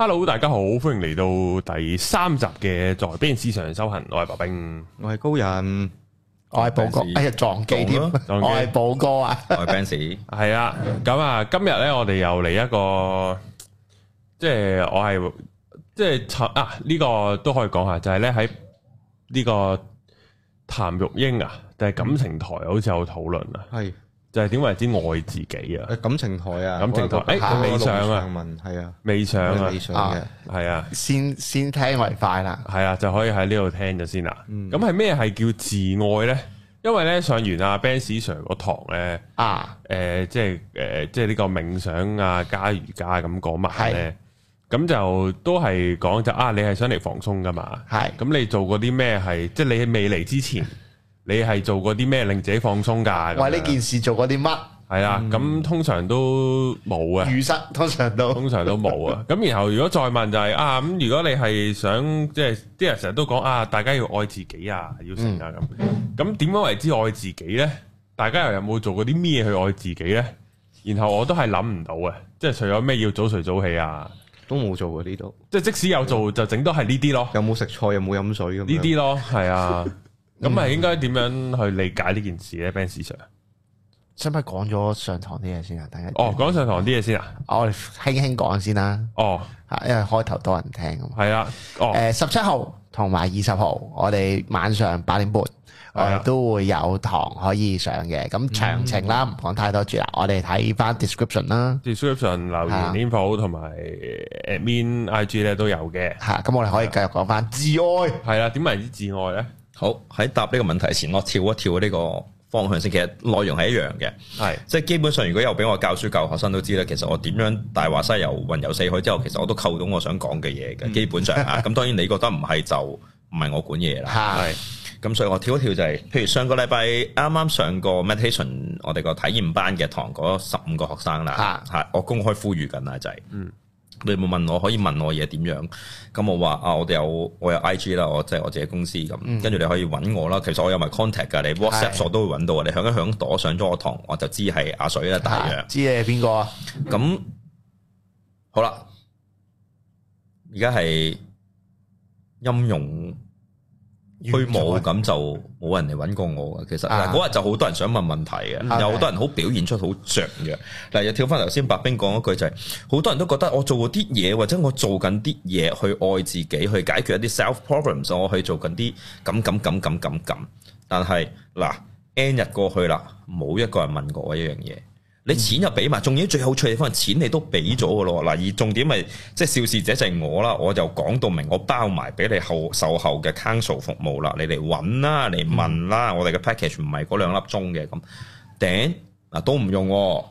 Hello，大家好，歡迎嚟到第三集嘅在 Benz 上修行。我係白兵，我係高人，我係寶哥。我係 Benz，哎呀，撞機咯，我係寶哥啊。我係 Benz 係啊。咁啊，今日咧，我哋又嚟一個，即係我係，即係啊，呢個都可以講下，就係咧喺呢個譚玉英啊定係感情台好，好似有討論啊。係。就係點為之愛自己啊？感情台啊，感情台，誒，未上啊，係啊，未上啊，係啊，先先聽為快啦，係啊，就可以喺呢度聽咗先啦。咁係咩係叫自愛咧？因為咧上完阿 Benz Sir 個堂咧，啊，誒，即係誒，即係呢個冥想啊，加瑜伽咁嗰晚咧，咁就都係講就啊，你係想嚟放鬆噶嘛？係，咁你做過啲咩係？即係你喺未嚟之前。你係做過啲咩令自己放鬆㗎？為呢件事做過啲乜？係啊的，咁、嗯、通常都冇啊。雨濕通常都通常都冇啊。咁然後如果再問就係、是、啊，咁如果你係想即係啲人成日都講啊，大家要愛自己啊，要成啊咁。咁點、嗯、樣，樣為之愛自己呢？大家又有冇做過啲咩去愛自己呢？」然後我都係諗唔到啊。即係除咗咩要早睡早起啊，都冇做過呢度。即係即使有做，就整都係呢啲咯。有冇食菜？有冇飲水咁？呢啲樣 咯，係啊。 咁係應該點樣去理解呢件事咧，Benz Sir？使唔使講咗上堂啲嘢先啊？等陣哦，講上堂啲嘢先啊！我哋輕輕講先啦。哦，因為開頭多人聽。係啦。哦。誒，十七號同埋二十號，我哋晚上八點半，我哋都會有堂可以上嘅。咁詳情啦，唔講太多住啦。我哋睇翻 description 啦。description 留言 info 同埋誒 admin ig 咧都有嘅。吓，咁我哋可以繼續講翻自愛。係啦，點為之自愛咧？好，喺答呢個問題前，我跳一跳呢個方向先。其實內容係一樣嘅，係的即係基本上，如果有俾我教書教學生都知啦。其實我點樣《大話西遊》、《雲遊四海》之後，其實我都扣到我想講嘅嘢嘅。嗯、基本上啊，咁 當然你覺得唔係就唔係我管嘢啦。係咁的，所以我跳一跳就係、是，的譬如上個禮拜啱啱上個 meditation 我哋個體驗班嘅堂嗰十五個學生啦，吓的我公開呼籲緊啦，就係、是。嗯你有冇問我可以問我嘢點樣？咁我話啊，我哋有我有 IG 啦，我即係我自己公司咁。跟住、嗯、你可以揾我啦。其實我有埋 contact 噶，你 WhatsApp 我都會揾到。你響一響朵，上咗我堂，我就知係阿水啦、大約知係邊個啊？咁好啦，而家係音容。佢冇咁就冇人嚟揾過我嘅，其實嗱嗰日就好多人想問問題嘅，啊、有好多人好表現出好著嘅。嗱又跳翻頭先，okay. 白兵講一句就係、是、好多人都覺得我做過啲嘢，或者我做緊啲嘢去愛自己，去解決一啲 self problems，我去做緊啲咁咁咁咁咁咁，但係嗱 n 日過去啦，冇一個人問過我一樣嘢。你錢就俾埋，仲要最好趣嘅地方係錢你都俾咗嘅咯。嗱，而重點咪即係肇事者就係我啦，我就講到明，我包埋俾你後售後嘅 counsel 服務啦，你嚟揾啦，嚟問啦。我哋嘅 package 唔係嗰兩粒鐘嘅咁頂嗱，都唔用喎。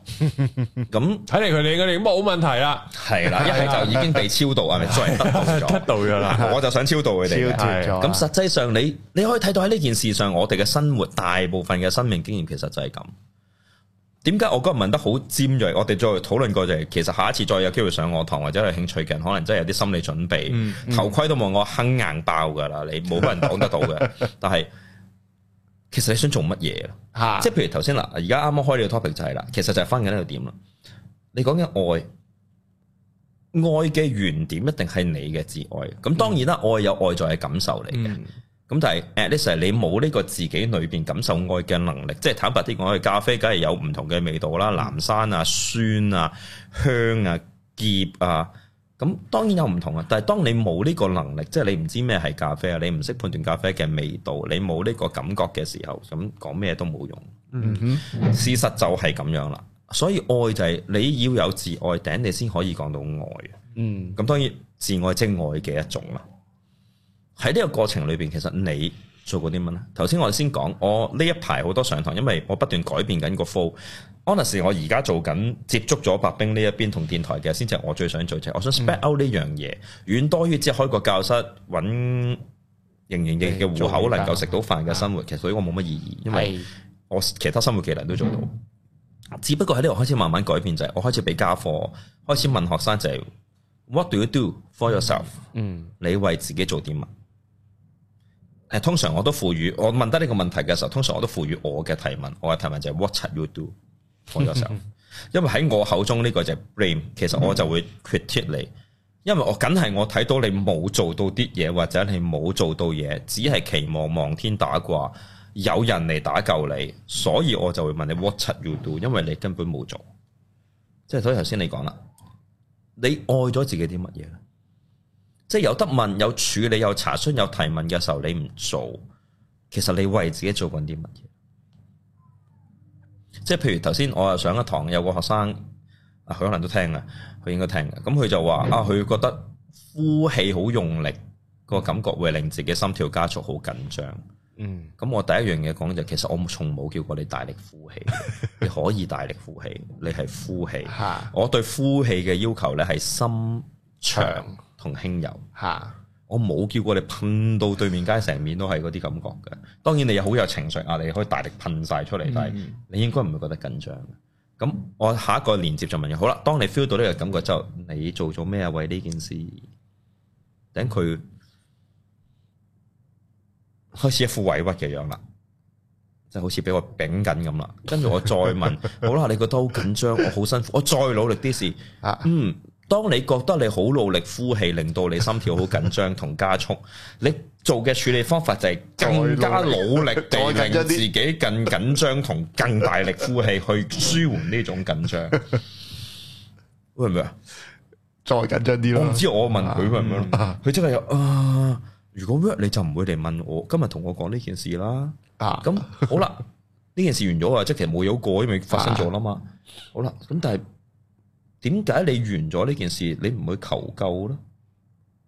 咁睇嚟佢哋佢哋冇問題啦，係啦，一係就已經被超度啊，咪 再追得到咗啦，我就想超度佢哋。超脱咗。咁實際上你你可以睇到喺呢件事上，我哋嘅生活大部分嘅生命經驗其實就係咁。點解我今日問得好尖銳？我哋再討論過就係、是，其實下一次再有機會上我堂或者有興趣嘅人，可能真係有啲心理準備，嗯嗯、頭盔都冇我肯硬爆噶啦，你冇可能講得到嘅。 但係其實你想做乜嘢？哈即係譬如頭先嗱，而家啱啱開呢個 topic 就係、是、啦，其實就係翻緊呢個點啦。你講緊愛，愛嘅原點一定係你嘅自愛。咁當然啦，嗯、愛有愛在嘅感受嚟嘅。嗯咁但係 a l i e 你冇呢個自己裏邊感受愛嘅能力，即係坦白啲講，咖啡梗係有唔同嘅味道啦，藍山啊、酸啊、香啊、澀啊，咁當然有唔同啊。但係當你冇呢個能力，即係你唔知咩係咖啡啊，你唔識判斷咖啡嘅味道，你冇呢個感覺嘅時候，咁講咩都冇用。嗯哼、mm，hmm. 事實就係咁樣啦。所以愛就係你要有自愛，頂你先可以講到愛。嗯、mm，咁、hmm. 當然自愛即係愛嘅一種啦。喺呢個過程裏邊，其實你做過啲乜呢？頭先我哋先講，我呢一排好多上堂，因為我不斷改變緊個 flow。Honestly，我而家做緊接觸咗白兵呢一邊同電台嘅，先至係我最想做就係，我想 spread out 呢樣嘢，遠、嗯、多於即係開個教室揾營營嘅嘅戶口能夠食到飯嘅生活。其實所以我冇乜意義，的因為我其他生活技能都做到，嗯、只不過喺呢度開始慢慢改變就係、是，我開始俾家課，開始問學生就係、是、What do you do for yourself？嗯，你為自己做啲乜？嗯誒，通常我都賦予我問得呢個問題嘅時候，通常我都賦予我嘅提問。我嘅提問就係 What should you do？我咗時候，因為喺我口中呢個就係 blame，其實我就會 critic 你，因為我梗係我睇到你冇做到啲嘢，或者你冇做到嘢，只係期望望天打卦，有人嚟打救你，所以我就會問你 What should you do？因為你根本冇做，即係所以頭先你講啦，你愛咗自己啲乜嘢咧？即係有得問、有處理、有查詢、有提問嘅時候，你唔做，其實你為自己做緊啲乜嘢？即係譬如頭先我啊上一堂有個學生啊，佢可能都聽嘅，佢應該聽嘅。咁佢就話啊，佢覺得呼氣好用力，個感覺會令自己心跳加速緊張，好緊張。嗯，咁我第一樣嘢講就，其實我從冇叫過你大力呼氣， 你可以大力呼氣，你係呼氣。 我對呼氣嘅要求咧係深長。同輕柔吓，哈我冇叫過你噴到對面街，成面都係嗰啲感覺嘅。當然你又好有情緒壓力，可以大力噴晒出嚟，嗯、但係你應該唔會覺得緊張。咁我下一個連接就問嘅，好啦，當你 feel 到呢個感覺之後，你做咗咩啊？為呢件事，等佢開始一副委屈嘅樣啦，就好似俾我頂緊咁啦。跟住我再問， 好啦，你覺得好緊張，我好辛苦，我再努力啲事啊，哈嗯。當你覺得你好努力呼氣，令到你心跳好緊張同加速，你做嘅處理方法就係更加努力地令自己更緊張同更大力呼氣去舒緩呢種緊張，係咪啊？再緊張啲咯！唔知我問佢，唔佢真係有啊！如果 work 你就唔會嚟問我，今日同我講呢件事啦。咁、啊、好啦，呢 件事完咗啊，即其實冇有過，因為發生咗啦嘛。啊、好啦，咁但係。點解你完咗呢件事，你唔去求救呢？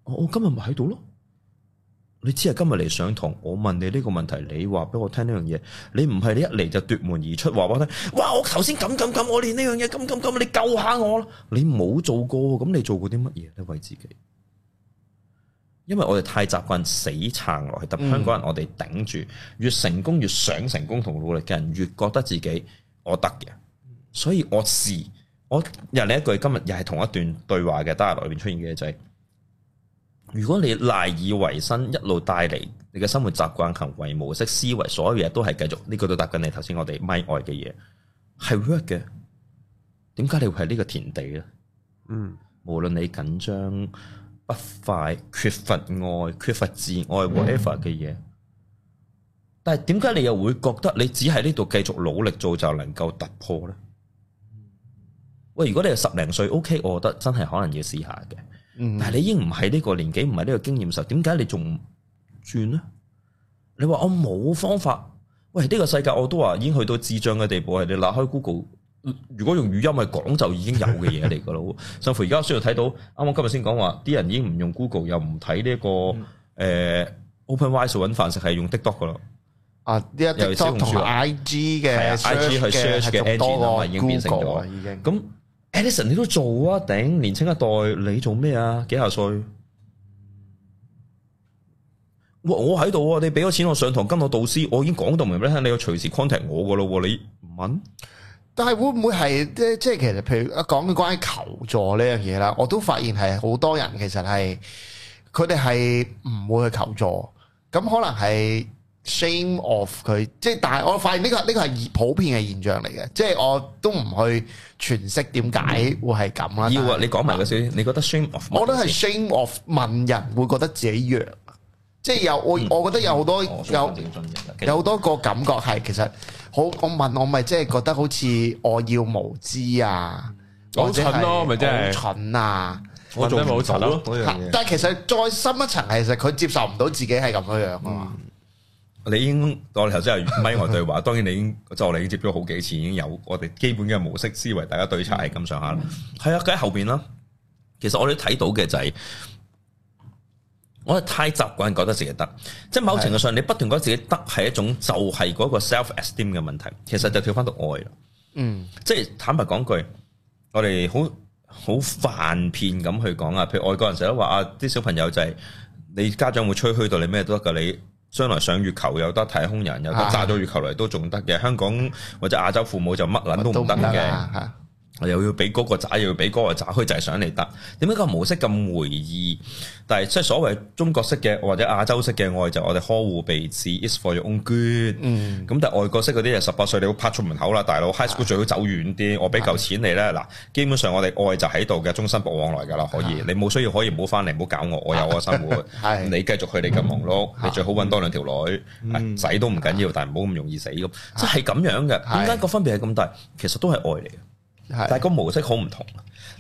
我我今日咪喺度咯。你只係今日嚟上堂，我問你呢個問題，你話俾我聽呢樣嘢。你唔係你一嚟就奪門而出，話俾我聽。哇！我頭先咁咁咁，我練呢樣嘢咁咁咁，你救下我啦！你冇做過，咁你做過啲乜嘢咧？你為自己，因為我哋太習慣死撐落去，特香港人，我哋頂住，越成功越想成功同努力嘅人，越覺得自己我得嘅，所以我是。我又另一句今日又係同一段對話嘅《丹麥羅》裏邊出現嘅就係、是：如果你賴以為生，一路帶嚟你嘅生活習慣、行為模式、思維，所有嘢都係繼續。呢、這個都答緊你頭先我哋咪愛嘅嘢，係 work 嘅。點解你會喺呢個田地咧？嗯，無論你緊張、不快、缺乏愛、缺乏自愛 whatever 嘅嘢，嗯、但係點解你又會覺得你只係呢度繼續努力做，就能夠突破咧？喂，如果你係十零歲，OK，我覺得真係可能要試下嘅。但係你已經唔係呢個年紀，唔係呢個經驗時候，點解你仲唔轉呢？你話我冇方法。喂，呢、呢個世界我都話已經去到智障嘅地步，係你拉開 Google，如果用語音嚟講，就已經有嘅嘢嚟噶啦。甚至 乎而家需要睇到啱啱今日先講話，啲人已經唔用 Google，又唔睇呢個誒、嗯呃、OpenRice 揾飯食，係用 TikTok 噶啦。啊，呢一啲小紅書同 IG 嘅、啊、的 IG 去 search 嘅多過已經變成咗，已經咁。Edison 你都做啊，頂年輕一代你做咩啊？幾廿歲？喂，我喺度啊，你俾咗錢我我上堂跟個導師，我已經講到明啦，你可隨時 contact 我噶咯，你唔問？但係會唔會係即即係其實譬如講關於求助呢樣嘢啦，我都發現係好多人其實係佢哋係唔會去求助，咁可能係。shame of 佢，即係但係我發現呢個呢個係普遍嘅現象嚟嘅，即係我都唔去詮釋點解會係咁啦。要啊，你講埋嗰先，你覺得 shame of？我覺得係 shame of 問人會覺得自己弱，即係有我，我覺得有好多有好多個感覺係其實好，我問我咪即係覺得好似我要無知啊，好蠢咯，咪即係好蠢啊，我做得好蠢咯。但係其實再深一層，其實佢接受唔到自己係咁樣樣啊嘛。你已經我哋頭先係咪我對話？ 當然你已經就我哋已經接觸咗好幾次，已經有我哋基本嘅模式思維，大家對策係咁上下啦。係、嗯、啊，佢喺後邊啦。其實我哋睇到嘅就係、是、我哋太習慣覺得自己得，即係某程度上你不斷覺得自己得係一種就係嗰個 self esteem 嘅問題。其實就跳翻到愛啦。嗯，即係坦白講句，我哋好好泛片咁去講啊。譬如外國人成日都話啊，啲小朋友就係、是、你家長會吹噓到你咩都得㗎你。將來上月球有得太空人，有得炸咗月球嚟都仲得嘅。香港或者亞洲父母就乜撚都唔得嘅。又要俾嗰個仔，又要俾嗰個仔，佢就係想嚟得。點解個模式咁回憶？但係即係所謂中國式嘅或者亞洲式嘅愛就是，我哋呵護備至，is for your own good，嗯」。咁但係外國式嗰啲係十八歲你都拍出門口啦，大佬。High school 最好走遠啲，是我俾夠錢你啦。嗱，基本上我哋愛就喺度嘅，終身不往來㗎啦，可以。是你冇需要可以唔好翻嚟，唔好搞我，我有我生活。是你繼續去你咁忙碌，嗯、你最好揾多兩條女，仔都唔緊要，但係唔好咁容易死咁。即係咁樣嘅，點解個分別係咁大？其實都係愛嚟。是但係個模式好唔同，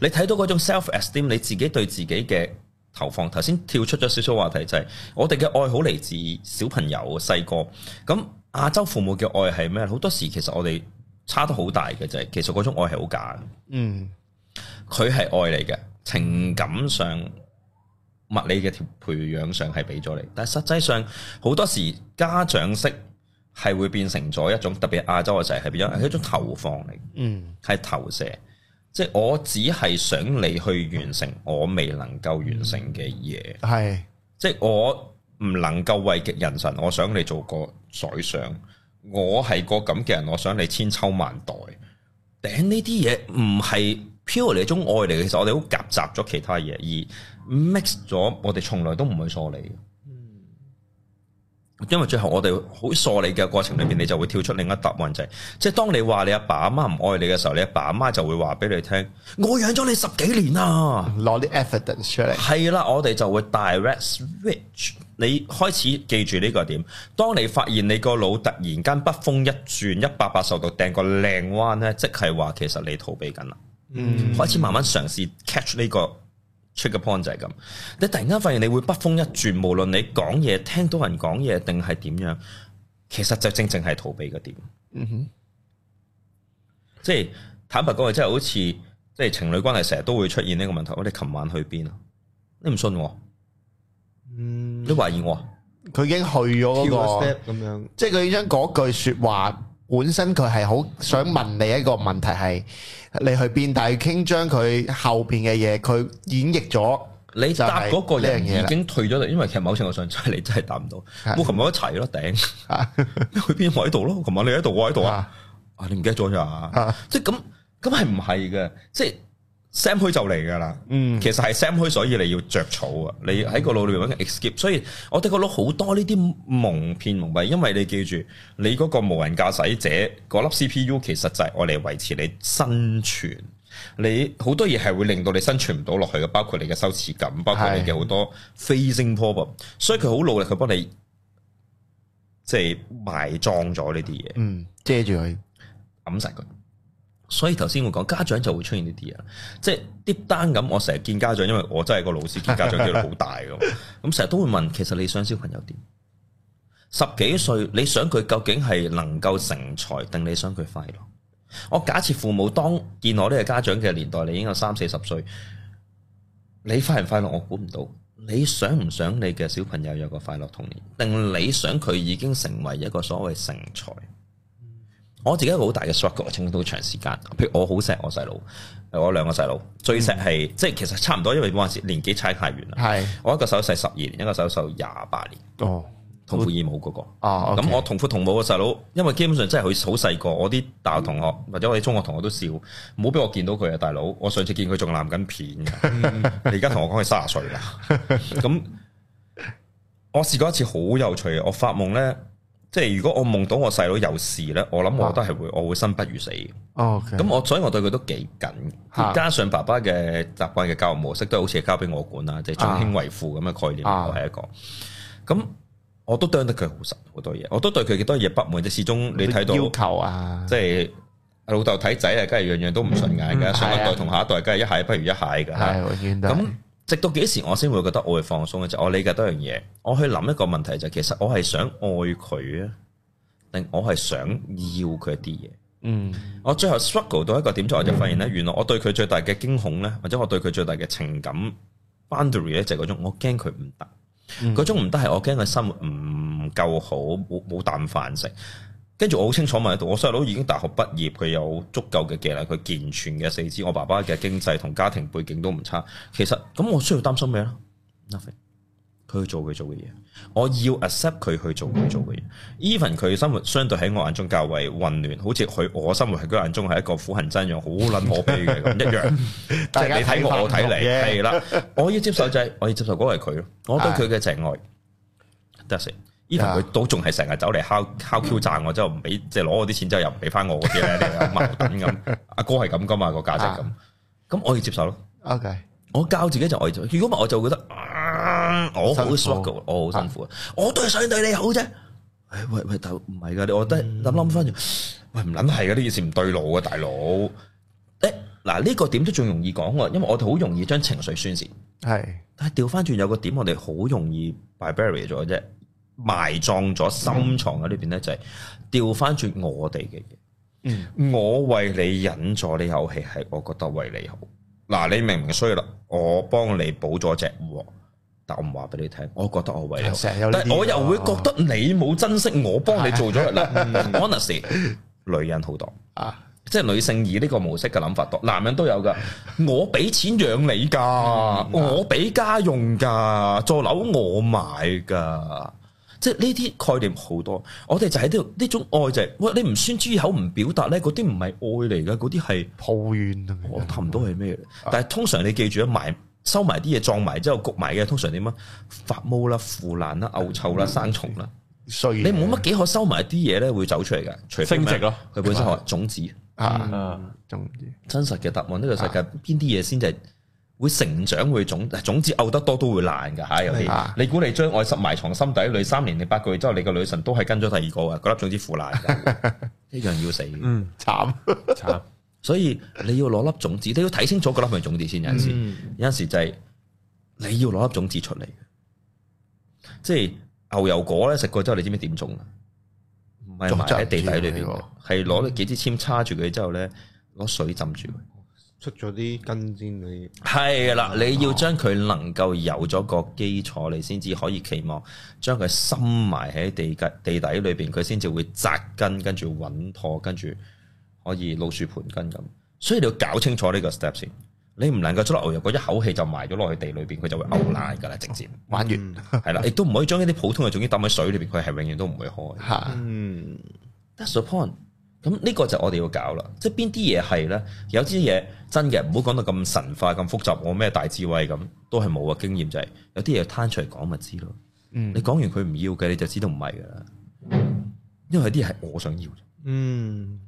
你睇到嗰種 self-esteem，你自己對自己嘅投放。頭先跳出咗少少話題，就係、是、我哋嘅愛好嚟自小朋友細個。咁亞洲父母嘅愛係咩？好多時其實我哋差得好大嘅，就係其實嗰種愛係好假。嗯，佢係愛嚟嘅，情感上、物理嘅調培養上係俾咗你，但係實際上好多時家長式。係會變成咗一種特別亞洲嘅仔，係變咗係一種投放嚟，嗯，係投射，即係我只係想你去完成我未能夠完成嘅嘢，係，mm。即係我唔能夠位極人臣，我想你做個宰相，我係個咁嘅人，我想你千秋萬代。頂呢啲嘢唔係 purely 一種愛嚟嘅，其實我哋好夾雜咗其他嘢，而 mix 咗，我哋從來都唔會梳理。因為最後我哋好傻你嘅過程裏邊，你就會跳出另一答案，就係，即係當你話你阿爸阿媽唔愛你嘅時候，你阿爸阿媽就會話俾你聽：我養咗你十幾年啦。攞啲 evidence 出嚟。係啦，我哋就會 direct switch。你開始記住呢個點。當你發現你個腦突然間北風一轉，一百八十度掟個靚彎咧，即係話其實你逃避緊啦。嗯，開始慢慢嘗試 catch 呢個。出個 point 就係咁，你突然間發現你會不風一轉，無論你講嘢、聽到人講嘢定係點樣，其實就正正係逃避嘅點。嗯哼，即係坦白講，即係好似即係情侶關係，成日都會出現呢個問題。我哋琴晚去邊啊？你唔信我？嗯，你懷疑我？佢、嗯、已經去咗嗰、嗰個咁樣，即係佢將嗰句説話。本身佢係好想問你一個問題係，你去變大傾，將佢後邊嘅嘢佢演繹咗，就是、你就嗰個嘢已經退咗嚟，因為其實某程度上真係你真係答唔到。我琴日一齊咯，頂去邊我喺度咯，琴日你喺度我喺度啊，你唔記得咗咋？ 即係咁咁係唔係嘅？即係。心虛就嚟噶啦，嗯、其實係心虛，所以你要着草啊！嗯、你喺個腦裏邊搵個 escape 所以我哋覺得好多呢啲蒙騙蒙蔽，因為你記住，你嗰個無人駕駛者嗰粒、那個、CPU 其實就係我嚟維持你生存，你好多嘢係會令到你生存唔到落去嘅，包括你嘅羞恥感，包括你嘅好多 facing problem，是所以佢好努力去幫你即係、就是、埋葬咗呢啲嘢，嗯，遮住佢，揞晒佢。所以頭先我講家長就會出現呢啲嘢，即係啲單咁，我成日見家長，因為我真係個老師見家長幾率好大嘅，咁成日都會問，其實你想小朋友點？十幾歲你想佢究竟係能夠成才，定你想佢快樂？我假設父母當見我呢個家長嘅年代，你已經有三四十歲，你快唔快樂？我估唔到，你想唔想你嘅小朋友有個快樂童年？定你想佢已經成為一個所謂成才？我自己一個好大嘅 shock，我請到長時間。譬如我好錫我細佬，我兩個細佬最錫係、嗯、即係其實差唔多，因為嗰陣時年紀差太遠啦。係是我一個細佬細十二年，一個細佬廿八年。哦，同父異母嗰、那個啊，咁、哦 okay 嗯、我同父同母嘅細佬，因為基本上真係佢好細個，我啲大學同學或者我哋中學同學都笑，唔好俾我見到佢啊，大佬！我上次見佢仲攬緊片嘅，你而家同我講佢卅歲啦。咁我試過一次好有趣我發夢咧。即係如果我夢到我細佬有事咧，我諗我都係會，啊、我會生不如死哦，咁 Okay. 我所以我對佢都幾緊，啊、加上爸爸嘅習慣嘅教育模式都好似係交俾我管啦，即係長兄為父咁嘅概念、啊、我係一個。咁我都盯得佢好實好多嘢，我都對佢幾多嘢不滿。即始終你睇到要求啊，即係老豆睇仔啊，梗係樣樣都唔順眼嘅。 上一代同下一代，梗係一蟹不如一蟹嘅。係、嗯，我見咁。來直到幾時我先會覺得我會放鬆嘅？就我理解多樣嘢，我去諗一個問題就係其實我係想愛佢啊，定我係想要佢一啲嘢？嗯，我最後 struggle 到一個點就我就發現呢，嗯、原來我對佢最大嘅驚恐咧，或者我對佢最大嘅情感 boundary 就係嗰種我驚佢唔得，嗰、嗯、種唔得係我驚佢生活唔夠好，冇冇啖飯食。跟住我好清楚問喺度，我細佬已經大學畢業，佢有足夠嘅技能，佢健全嘅四肢，我爸爸嘅經濟同家庭背景都唔差。其實咁，我需要擔心咩咧？Nothing。佢去做佢做嘅嘢，我要 accept 佢去做佢做嘅嘢。Even 佢、嗯、生活相對喺我眼中較為混亂，好似佢我生活喺佢眼中係一個苦行僧樣，好撚可悲嘅咁一樣。但係 你睇我，我睇你，係啦，我要接受就係、是、我要接受嗰係佢咯。我對佢嘅情愛得、嗯依頭佢都仲係成日走嚟敲敲 Q 賺我，之後唔俾，即係攞我啲錢之後又唔俾翻我嗰啲咧，你阿矛盾咁，阿哥係咁噶嘛個價值咁，咁我要接受咯。OK，我教自己就我，如果唔係我就覺得，我好辛苦，我好辛苦，我都係想對你好啫。喂喂，大佬唔係噶，你我得諗諗翻，喂唔捻係噶件事唔對路噶大佬。誒，嗱呢個點都仲容易講喎，因為我哋好容易將情緒宣泄。係，但係調翻轉有個點我哋好容易 by barrier 咗啫。埋葬咗深藏喺呢邊咧，就係調翻轉我哋嘅嘢。嗯，我，嗯我為你忍咗呢口氣，係我覺得為你好。嗱、啊，你明明衰啦，我幫你補咗隻鑊，但我唔話俾你聽，我覺得我為你好。常常但我又會覺得你冇珍惜我幫你做咗。嗱，Anas，女人好多，啊、即係女性以呢個模式嘅諗法多，男人都有噶。我俾錢養你噶，嗯啊、我俾家用噶，座樓我買噶。即係呢啲概念好多，我哋就喺度呢種愛就係、是，喂！你唔宣諸口唔表達咧，嗰啲唔係愛嚟嘅，嗰啲係抱怨啊！我諗唔到係咩，但係通常你記住啊，埋收埋啲嘢，撞埋之後焗埋嘅，通常點啊？發毛啦、腐爛啦、嘔臭啦、生蟲啦，所以！ 你冇乜幾可收埋啲嘢咧，會走出嚟嘅，升值咯，佢本身係種子啊，種子、啊。啊、真實嘅答案呢、呢個世界邊啲嘢先至係？會成長，會種，種子漚得多都會爛噶吓，有啲的你估你將愛心埋藏心底女三年你八個月之後，你個女神都係跟咗第二個啊！嗰、那、粒、個、種子腐爛，一 樣要死，慘慘、嗯。所以你要攞粒種子，你要睇清楚嗰粒係咪種子先。嗯、有陣時有陣時就係你要攞粒種子出嚟，即係牛油果咧，食過之後你知唔知點種啊？唔係埋喺地底裏邊，係攞幾支簽叉住佢之後咧，攞水浸住。出咗啲根先，你係啦，你要將佢能夠有咗個基礎，你先至可以期望將佢深埋喺地底地底裏邊，佢先至會扎根，跟住穩妥，跟住可以老樹盤根咁。所以你要搞清楚呢個 step 先，你唔能夠將牛油果一口氣就埋咗落去地裏邊，佢就會漚爛㗎啦，直接玩完係啦。亦 都唔可以將一啲普通嘅，種子抌喺水裏邊，佢係永遠都唔會開。啊、嗯，that's the point。咁呢個就我哋要搞啦，即係邊啲嘢係咧？有啲嘢真嘅，唔好講到咁神化，咁複雜。我咩大智慧咁，都係冇啊。經驗就係有啲嘢攤出嚟講咪知咯。嗯，你講完佢唔要嘅，你就知道唔係噶啦。因為有啲係我想要。嗯，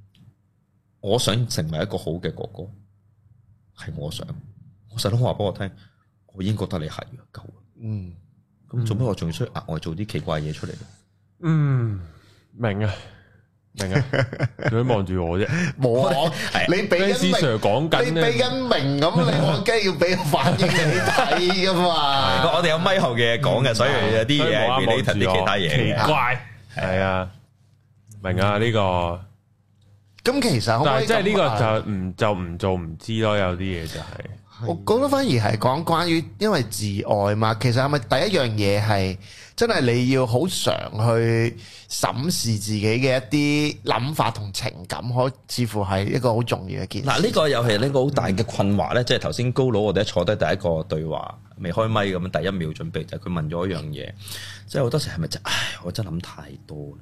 我想成為一個好嘅哥哥，係我想。我細佬話俾我聽，我已經覺得你係夠啊，救。嗯，咁做乜我仲要出額外做啲奇怪嘢出嚟？嗯，明啊。明啊，佢望住我啫，我你俾緊明，你俾緊明咁，我梗係要俾個反應你睇噶嘛。我我哋有咪號嘅嘢講嘅，所以有啲嘢唔理同啲其他嘢奇怪，係啊，明啊呢個。咁其實，但係即係呢個就唔就唔做唔知咯，有啲嘢就係。我覺得反而係講關於，因為自愛嘛，其實係咪第一樣嘢係真係你要好常去審視自己嘅一啲諗法同情感，可似乎係一個好重要嘅件事。嗱，呢個又係呢個好大嘅困惑呢，嗯、即係頭先高佬我哋一坐低第一個對話，未開咪咁啊，第一秒準備就係佢問咗一樣嘢，即係好多時係咪就唉，我真諗太多啦。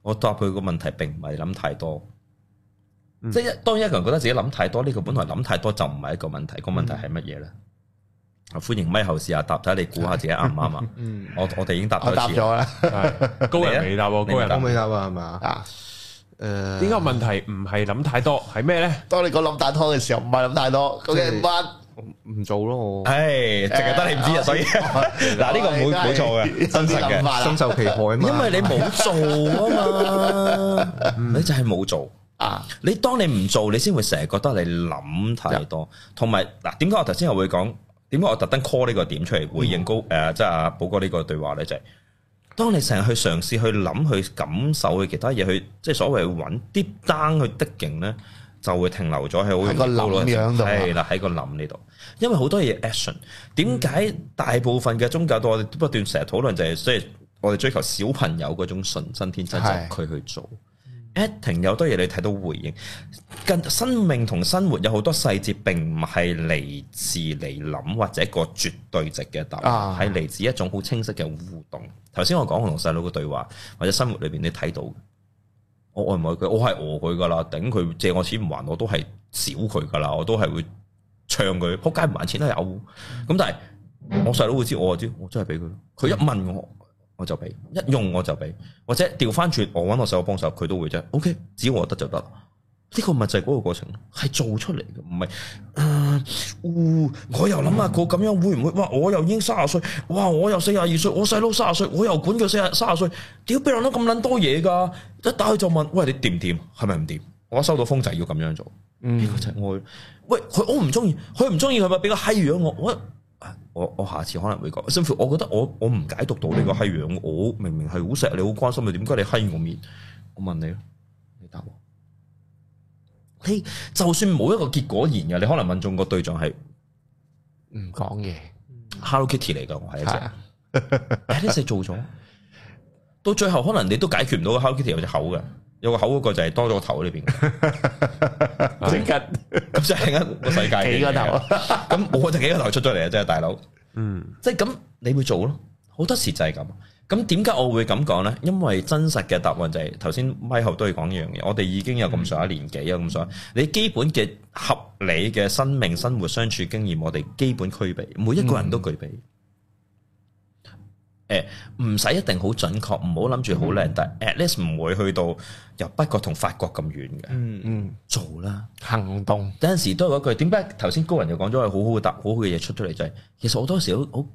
我答佢個問題並唔係諗太多。即係，當一個人覺得自己諗太多，呢個本來諗太多就唔係一個問題。個問題係乜嘢咧？歡迎咪後試下答，睇下你估下自己啱唔啱啊！我我哋已經答咗一次，高人未答，高人未答啊？係嘛？誒，呢個問題唔係諗太多，係咩咧？當你講諗太多嘅時候，唔係諗太多。O.K.，唔做咯，我係淨係得你唔知啊！所以嗱，呢個唔會錯嘅，真實嘅，深受其害啊嘛！因為你冇做啊嘛，你就係冇做。啊！你當你唔做，你先會成日覺得你諗太多，同埋嗱，點解我頭先又會講？點解我特登 call 呢個點出嚟，回應高誒，即係阿寶哥呢個對話咧？就係、是、當你成日去嘗試去諗、去感受去其他嘢，去即係所謂去穩 deep down 去得勁咧，就會停留咗喺好個諗樣，係啦喺個諗呢度。因為好多嘢 action，點解大部分嘅宗教都、就是嗯、我哋不斷成日討論，就係即係我哋追求小朋友嗰種純真天真，就佢、是、去做。對 誒停！有多嘢你睇到回應，跟生命同生活有好多細節，並唔係嚟自嚟諗或者一個絕對值嘅答案，係嚟、啊、自一種好清晰嘅互動。頭先我講我同細佬嘅對話，或者生活裏邊你睇到，我愛唔愛佢？我係愛佢噶啦，頂佢借我錢唔還我，我都係少佢噶啦，我都係會唱佢。撲街唔還錢都有，咁但係我細佬會知我就知，我真係俾佢。佢一問我。我就俾一用我就俾，或者掉返轉我搵我細佬幫手我幫，佢都會啫。O Okay , K，只要我得就得啦。呢、這個咪就係嗰個過程，係做出嚟嘅，唔係。誒、呃，我、呃呃、又諗下，佢咁樣會唔會？哇！我又已經卅歲，哇！我又四廿二歲，我細佬卅歲，我又管佢四廿卅歲，屌俾人咁撚多嘢㗎！一打佢就問：喂，你掂唔掂？係咪唔掂？我收到風就要咁樣做，邊、嗯、個就係我。喂，佢我唔中意，佢唔中意，佢咪俾個閪樣我我。我我我，下次可能會講，甚至我覺得我我唔解讀到呢個係樣，嗯、我明明係好錫你，好關心你，點解你閪我面？我問你咯，你答我，你就算冇一個結果言嘅，你可能問中個對象係唔講嘢，Hello Kitty 嚟㗎。我係一隻，一隻、啊欸、做咗， 到最後可能你都解決唔到 Hello Kitty 有隻口嘅。有個口嗰個就係多咗個頭呢邊，即刻，咁即係，突然個世界幾個 刻頭，咁 我就幾個頭出咗嚟啊！真係大佬，嗯，即係咁你會做咯，好多時就係咁。咁點解我會咁講咧？因為真實嘅答案就係頭先咪後都係講一樣嘢，我哋已經有咁上下年紀啊，咁上、嗯，你基本嘅合理嘅生命、生活、相處經驗，我哋基本具備，每一個人都具備。嗯誒，唔使、欸、一定好準確，唔好諗住好靚，嗯、但 at least 唔會去到由北國同法國咁遠嘅、嗯。嗯嗯，做啦吧，行動。有陣時都係嗰句，點解頭先高人又講咗句好好嘅答，好好嘅嘢出出嚟就係、是，其實好多時好好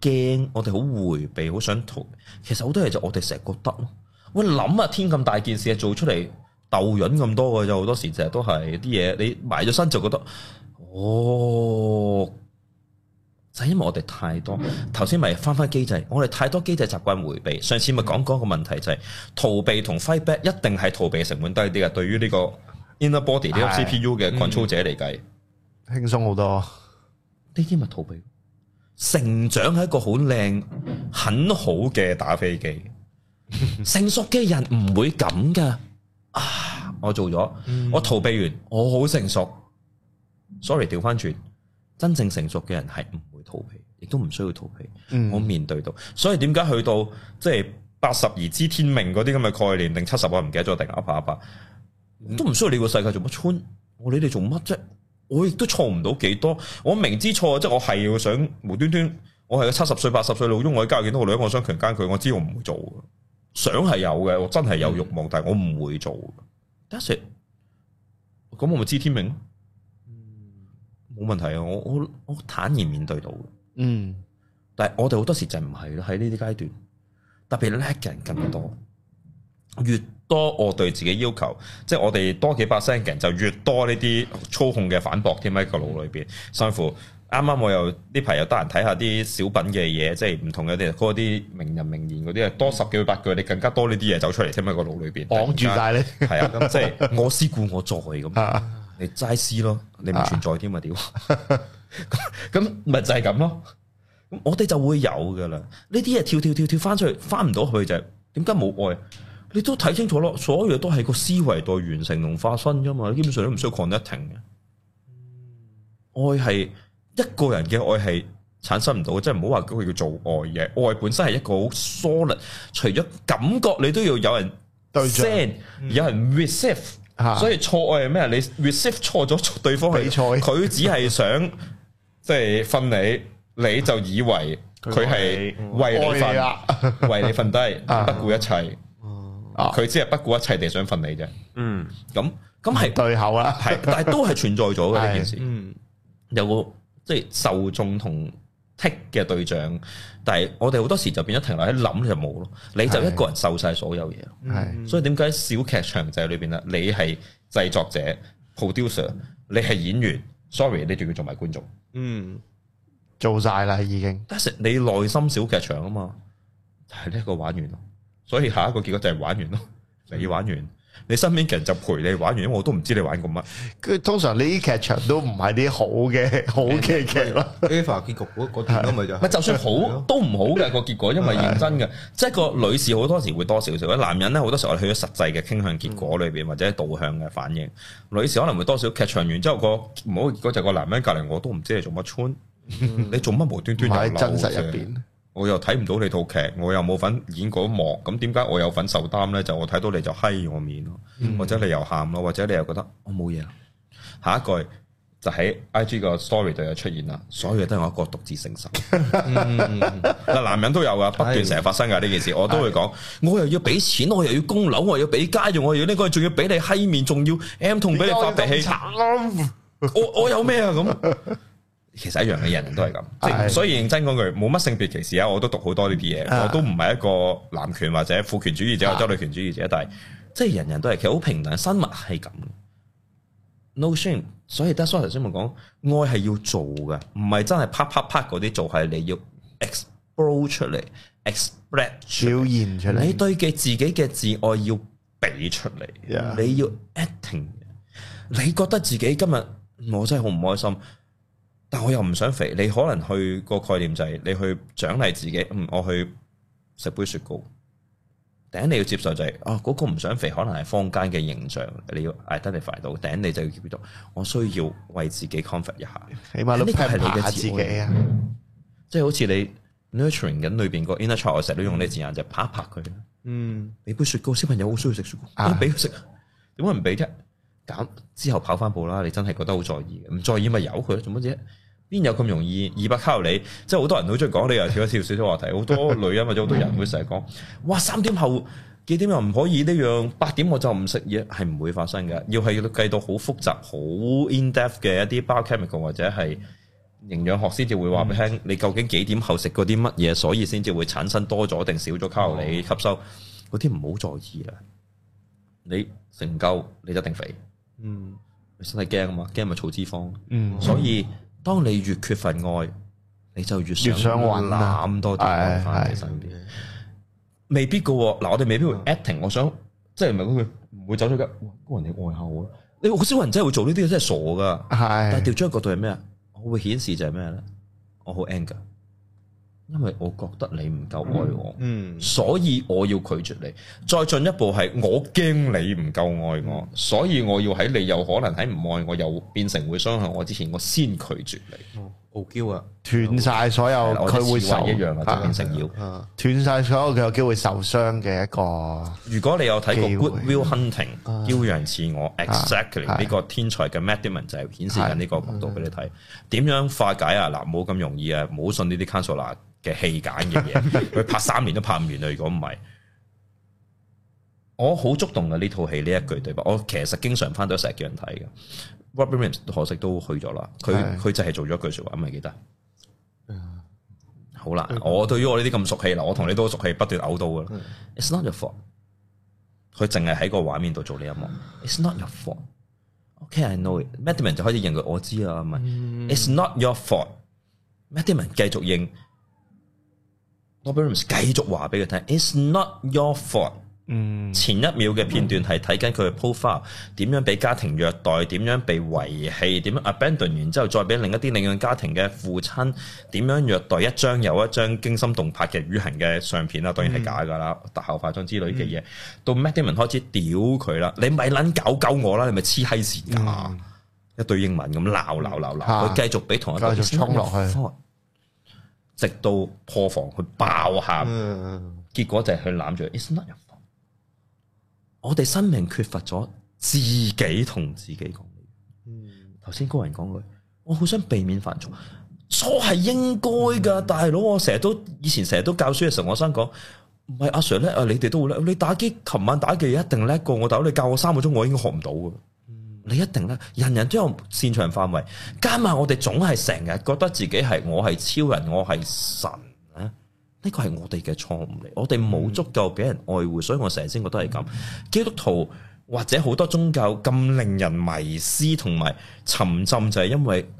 驚，我哋好迴避，好想逃。其實好多嘢就我哋成日覺得咯，我諗啊，天咁大件事做出嚟，鬥韻咁多嘅，有好多時成日都係啲嘢，你埋咗身就覺得，哦。就係因為我哋太多，頭先咪翻翻機制，我哋太多機制習慣迴避。上次咪講過個問題就係、是、逃避同 fight back 一定係逃避嘅成本低啲嘅。對於呢個 inner body 個、呢個 CPU 嘅操控者嚟計，輕鬆好多。呢啲咪逃避。成長係一個好靚、很好嘅打飛機。 成熟嘅人唔會咁噶。啊，我做咗，嗯、我逃避完，我好成熟。Sorry，調翻轉，真正成熟嘅人係唔逃避，亦都唔需要逃避。我面對到，所以點解去到即係八十而知天命嗰啲咁嘅概念，70, 了定七十我唔記得咗定一百一都唔需要你個世界做乜春，我你哋做乜啫？我亦都錯唔到幾多。我明知錯，即、就、係、是、我係想無端端，我係個七十歲八十歲老翁，我喺街見到個女，我想強奸佢，我知我唔會做嘅。想係有嘅，我真係有欲望，嗯、但係我唔會做。That's it，咁 's 我咪知天命。冇問題啊，我我我坦然面對到嗯，但係我哋好多時就唔係咯，喺呢啲階段，特別叻嘅人更多，嗯、越多我對自己要求，即係我哋多幾百 percent 人，就越多呢啲操控嘅反駁添喺個腦裏邊。辛苦啱啱我又呢排又得閒睇下啲小品嘅嘢，即係唔同嘅啲嗰啲名人名言嗰啲啊，多十句八句，你更加多呢啲嘢走出嚟添喺個腦裏邊。擋住但係你係 啊，即係我思故我在咁。你齋思咯，你唔存在添嘛，屌，咁咪、啊、 就係咁咯。咁我哋就會有噶啦。呢啲嘢跳跳跳跳翻出去，翻唔到去就係點解冇愛。你都睇清楚咯，所有嘢都係個思維在完成同化身噶嘛，基本上都唔需要 connecting 嘅。愛係一個人嘅愛係產生唔到嘅，即係唔好話叫佢做愛嘅愛本身係一個好疏離，除咗感覺你都要有人 send, 對象，嗯、有人 receive。所以錯愛係咩？你 receive 錯咗對方係佢賽只係想即係瞓你，你就以為佢係為你瞓，你為你瞓低，不顧一切。佢、啊、只係不顧一切地想瞓你啫。嗯，咁咁係對口啦、啊，係，但係都係存在咗嘅呢件事。嗯，有個即係、就是、受眾同。剔嘅對象，但係我哋好多時就變咗停留喺諗就冇咯，你就一個人受晒所有嘢，係，所以點解小劇場就係裏邊咧，你係製作者 producer，嗯，你係演員，sorry，你仲要做埋觀眾，嗯，做晒啦已經，但是你內心小劇場啊嘛，就係呢一個玩完咯，所以下一個結果就係玩完咯，就要玩完。你身邊嘅人就陪你玩完，因為我都唔知你玩過乜。佢通常呢啲劇場都唔係啲好嘅，好嘅劇咯。結局嗰嗰咪就算好都唔好嘅個結果， 因為認真嘅， 即係個女士好多時會多少少，男人咧好多時候去咗實際嘅傾向結果裏邊，或者導向嘅反應。女士可能會多少劇場完之後個唔好結果就個男人隔籬，我都唔知你做乜村，嗯、 你做乜無端端就係真實入面。我又睇唔到你套劇，我又冇份演嗰幕，咁點解我有份受擔咧？就我睇到你就閪我面咯，嗯、或者你又喊咯，或者你又覺得我冇嘢啦。下一句就喺 I G 個 story 度又出現啦，所有嘢都係我一個獨自承受。嗱、 嗯，男人都有噶，不斷成日發生噶呢、哎、呀件事，我都會講，哎、呀我又要俾錢，我又要供樓，我又要俾家用，我呢個仲要俾你閪面，仲要 M 痛俾你發脾氣，慘，我我有咩啊咁？ 其實一樣嘅，人人都係咁， 即係所以認真講句，冇乜性別歧視啊！我都讀好多呢啲嘢， 我都唔係一個男權或者父權主義者，或者女權主義者， 但係即係人人都係，其實好平等。生物係咁，no shame。所以得所頭先咪講，愛係要做㗎，唔係真係啪啪啪嗰啲做，係你要 explore 出嚟，express 出嚟，表現出嚟。你對嘅自己嘅自愛要俾出嚟，Yeah. 你要 acting。你覺得自己今日我真係好唔開心。但我又唔想肥，你可能去個概念就係你去獎勵自己，嗯，我去食杯雪糕。第一你要接受就係、是、啊，嗰、那個唔想肥可能係坊間嘅形象，你要 identify 到。第一你就要知道。我需要為自己 comfort 一下，起碼你係拍，拍下自己啊自，啊嗯、即係好似你 nurturing 緊裏邊個 inner child，我成日都用呢個字眼就是、拍一拍佢。嗯，俾杯雪糕，小朋友好需要食雪糕，都俾佢食啊，點解唔俾啫？減之後跑翻步啦，你真係覺得好在意，唔在意咪由佢，做乜啫？邊有咁容易二百卡路里？即係好多人好中意講，你又跳一跳少少話題。好多女人或者好多人會成日講，哇，三點後幾點又唔可以呢樣？八點我就唔食嘢，係唔會發生嘅。要係要計到好複雜、好 in depth 嘅一啲 biochemical 或者係營養學先至會話俾你聽，你究竟幾點後食嗰啲乜嘢，所以先至會產生多咗定少咗卡路里吸收。嗰啲唔好在意啦。你食唔夠，你一定肥。嗯，你身體驚啊嘛，驚咪儲脂肪。嗯，所以。當你越缺乏愛，你就越想玩。揾多啲愛翻喺身邊。未必噶，嗱，我哋未必會 acting。我想，嗯、即係唔係嗰佢唔會走出嚟。哇，嗰人你愛下我啦，你好少人真係會做呢啲嘢，真係傻噶。係的，但係掉轉角度係咩啊？我會顯示就係咩咧？我好 angry 因為我覺得你唔夠愛我，嗯、所以我要拒絕你。再進一步係，我驚你唔夠愛我，所以我要喺你有可能喺唔愛我又變成會傷害我之前，我先拒絕你。傲嬌啊，斷晒所有佢會受一樣啊，就變成妖斷晒所有佢有機會受傷嘅一個。如果你有睇過《Good Will Hunting、嗯》樣，驕陽似我 Exactly 呢個天才嘅 Madman 就顯示緊呢個角度俾你睇，點樣化解啊？嗱，冇咁容易啊，冇信呢啲 counselor 嘅戲簡嘅嘢，佢 拍三年都拍唔完啦！如果唔係，我好觸動嘅呢套戲呢一句對白，我其實經常翻到成日叫人睇嘅。Robin Williams 可惜都去咗啦，佢佢就係做咗一句說話，咁係記得？好啦 Okay.！我對於我呢啲咁熟戲，嗱，我同你都熟戲，不斷嘔到嘅。Okay. It's not your fault。佢淨係喺個畫面度做呢一幕。It's not your fault。Okay，I know it。Matt Damon 就開始認佢，我知啊，係咪 It's not your fault。Matt Damon 繼續認。我表示繼續話俾佢聽，It's not your fault。前一秒嘅片段係睇緊佢嘅 profile，點樣俾家庭虐待，點樣被遺棄，點樣 abandon 完之後，再俾另一啲領養家庭嘅父親點樣虐待，一張又一張驚心動魄嘅瘀痕嘅相片啦，當然係假噶啦，特效化妝之類嘅嘢。到 McDermott 開始屌佢啦，你咪捻搞搞我啦，你咪黐閪線噶，一堆英文咁鬧鬧鬧鬧，佢繼續俾同一個嘢衝落去。直到破防去爆喊，結果就係佢攬住，is not enough 我哋生命缺乏咗自己同自己講嘢。頭先、嗯、高人講句，我好想避免犯錯，錯係應該噶。嗯、大佬，我成日都以前成日都教書嘅時候我想，我生講唔係阿 sir 咧，啊 sir, 你哋都會叻，你打機琴晚打嘅一定叻過我。大佬，你教我三個鐘，我已經學唔到噶。你一定啦，人人都有擅長範圍，加埋我哋總係成日覺得自己係，我係超人，我係神啊！呢個係我哋嘅錯誤嚟，我哋冇足夠俾人愛護，所以我成日先覺得係咁。基督徒或者好多宗教咁令人迷思同埋沉浸就，就係因為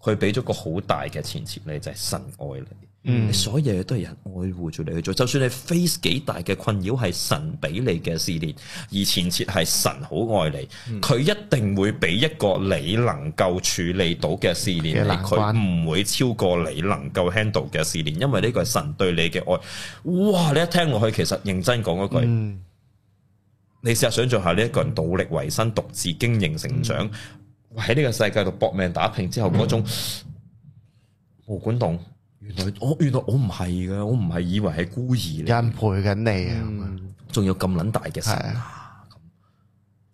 佢俾咗個好大嘅前設，你就係神愛你。嗯，所有嘢都係人愛護住你去做，就算你 face 幾大嘅困擾，係神俾你嘅試煉，而前設係神好愛你，佢、嗯、一定會俾一個你能夠處理到嘅試煉。佢唔會超過你能夠 handle 嘅試煉，因為呢個係神對你嘅愛。哇！你一聽落去，其實認真講一句，嗯、你試下想象下呢一個人努力維生、獨自經營、成長，喺呢、嗯、個世界度搏命打拼之後嗰種、嗯、無管凍。原來，哦、原來我原來我唔係噶，我唔係以為係孤兒，人陪緊你啊，仲、嗯、有咁撚大嘅事是的 啊，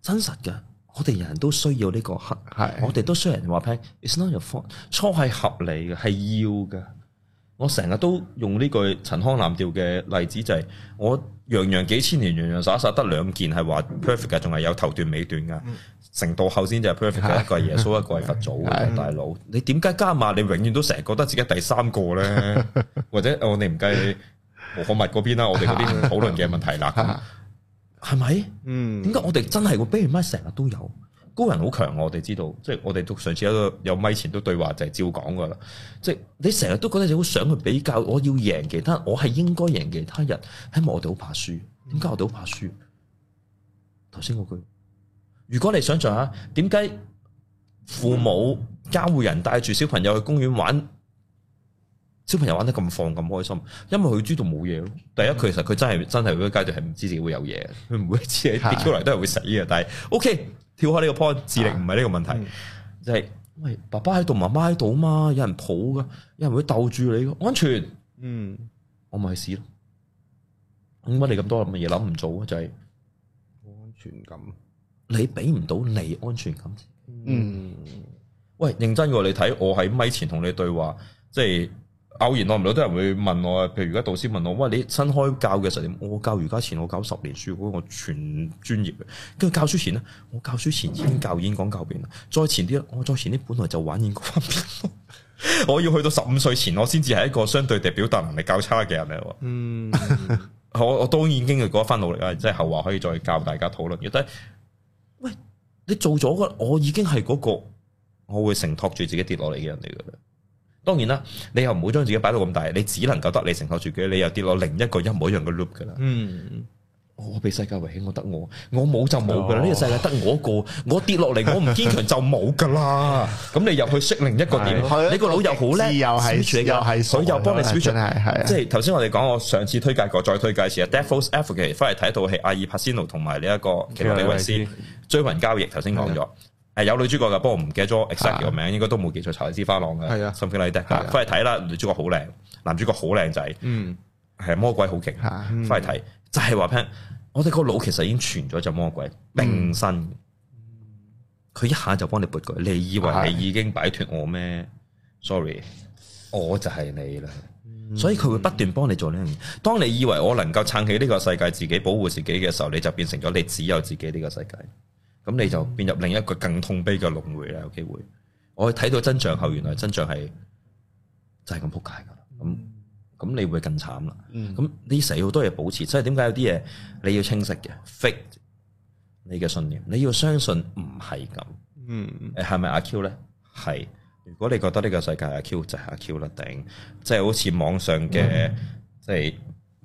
真實噶，我哋人人都需要呢個黑，是的 我哋都需要人話平，It's not your fault，初係合理嘅，係要噶。我成日都用呢句陳腔濫調嘅例子就係我洋洋幾千年，洋洋灑灑得兩件係話 perfect 仲係有頭段尾段嘅。成道後先就 perfect 一個係耶穌，一個係佛祖。大佬，你點解加碼你永遠都成日覺得自己第三個咧？或者我哋唔計我密嗰邊啦，我哋嗰邊討論嘅問題啦，係咪？嗯，點解我哋真係會俾如乜成日都有？高人好強，我哋知道，即係我哋都上次有咪前都對話就係照講㗎啦。即係你成日都覺得你好想去比較，我要贏其他，我係應該贏其他人，係咪？我哋好怕輸，點解我哋好怕輸？頭先嗰句，如果你想像下，點解父母監護人帶住小朋友去公園玩？小朋友玩得咁放咁開心，因為佢知道冇嘢咯。嗯、第一，佢其實佢真係真係嗰階段係唔知自己會有嘢，佢唔、嗯、 會知跌出嚟都係會死嘅。但係，OK，跳開呢個 point，智力唔係呢個問題，啊嗯、就係、是、喂，爸爸喺度，媽媽喺度嘛，有人抱噶，有人會逗住你，安全。嗯，我咪去試咯。咁解你咁多乜嘢諗唔做啊？就係、是、安全感，你俾唔到你安全感。嗯，嗯，喂，認真嘅你睇，我喺咪，咪前同你對話，即、就、係、是。偶然我唔到都有人會問我，譬如而家導師問我，喂，你新開教嘅時候，我教瑜伽前我教十年書，我全專業嘅，跟住教書前呢，我教書前已經教演講教完啦，再前啲啦，我再前啲本來就玩演講方面， 我要去到十五歲前，我先至係一個相對地表達能力較差嘅人嚟。嗯， 我我當然經過一番努力啊，即係後話可以再教大家討論。但係，喂，你做咗嘅，我已經係嗰個我會承托住自己跌落嚟嘅人嚟噶啦。當然啦，你又唔好將自己擺到咁大，你只能夠得你承托住自己，你又跌落另一個一模一樣嘅 loop 㗎啦。嗯，我俾世界遺棄，我得我，我冇就冇㗎啦。呢個世界得我一個，我跌落嚟，我唔堅強就冇㗎啦。咁你入去識另一個點，你個腦又好叻 switch 又係，又係，所以又幫你 switch 即係頭先我哋講，我上次推介過，再推介次啊。Devil's Advocate 翻嚟睇一套戲，阿爾柏仙奴同埋呢一個奇洛李維斯追魂交易，頭先講咗。係有女主角噶，不過唔記得咗 exact 個名，應該都冇記錯《柴絲花浪》噶。係啊，心驚來的，翻嚟睇啦。女主角好靚，男主角好靚仔。嗯，係魔鬼好勁。翻嚟睇就係話，p 我哋個腦其實已經存咗隻魔鬼，並身。佢、嗯、一下就幫你撥佢。你以為你已經擺脫我咩、啊？Sorry，我就係你啦。嗯、所以佢會不斷幫你做呢樣嘢。當你以為我能夠撐起呢個世界，自己保護自己嘅時候，你就變成咗你只有自己呢個世界。咁你就變入另一個更痛悲嘅輪迴啦，有機會，我去睇到真相後，原來真相係就係咁撲街噶，咁咁你會更慘啦，咁、嗯、你成好多嘢保持，即係點解有啲嘢你要清晰嘅，fit 你嘅信念，你要相信唔係咁，嗯，係咪阿 Q 咧？係，如果你覺得呢個世界阿 Q 就係阿 Q 啦，頂，即係好似網上嘅，嗯、即係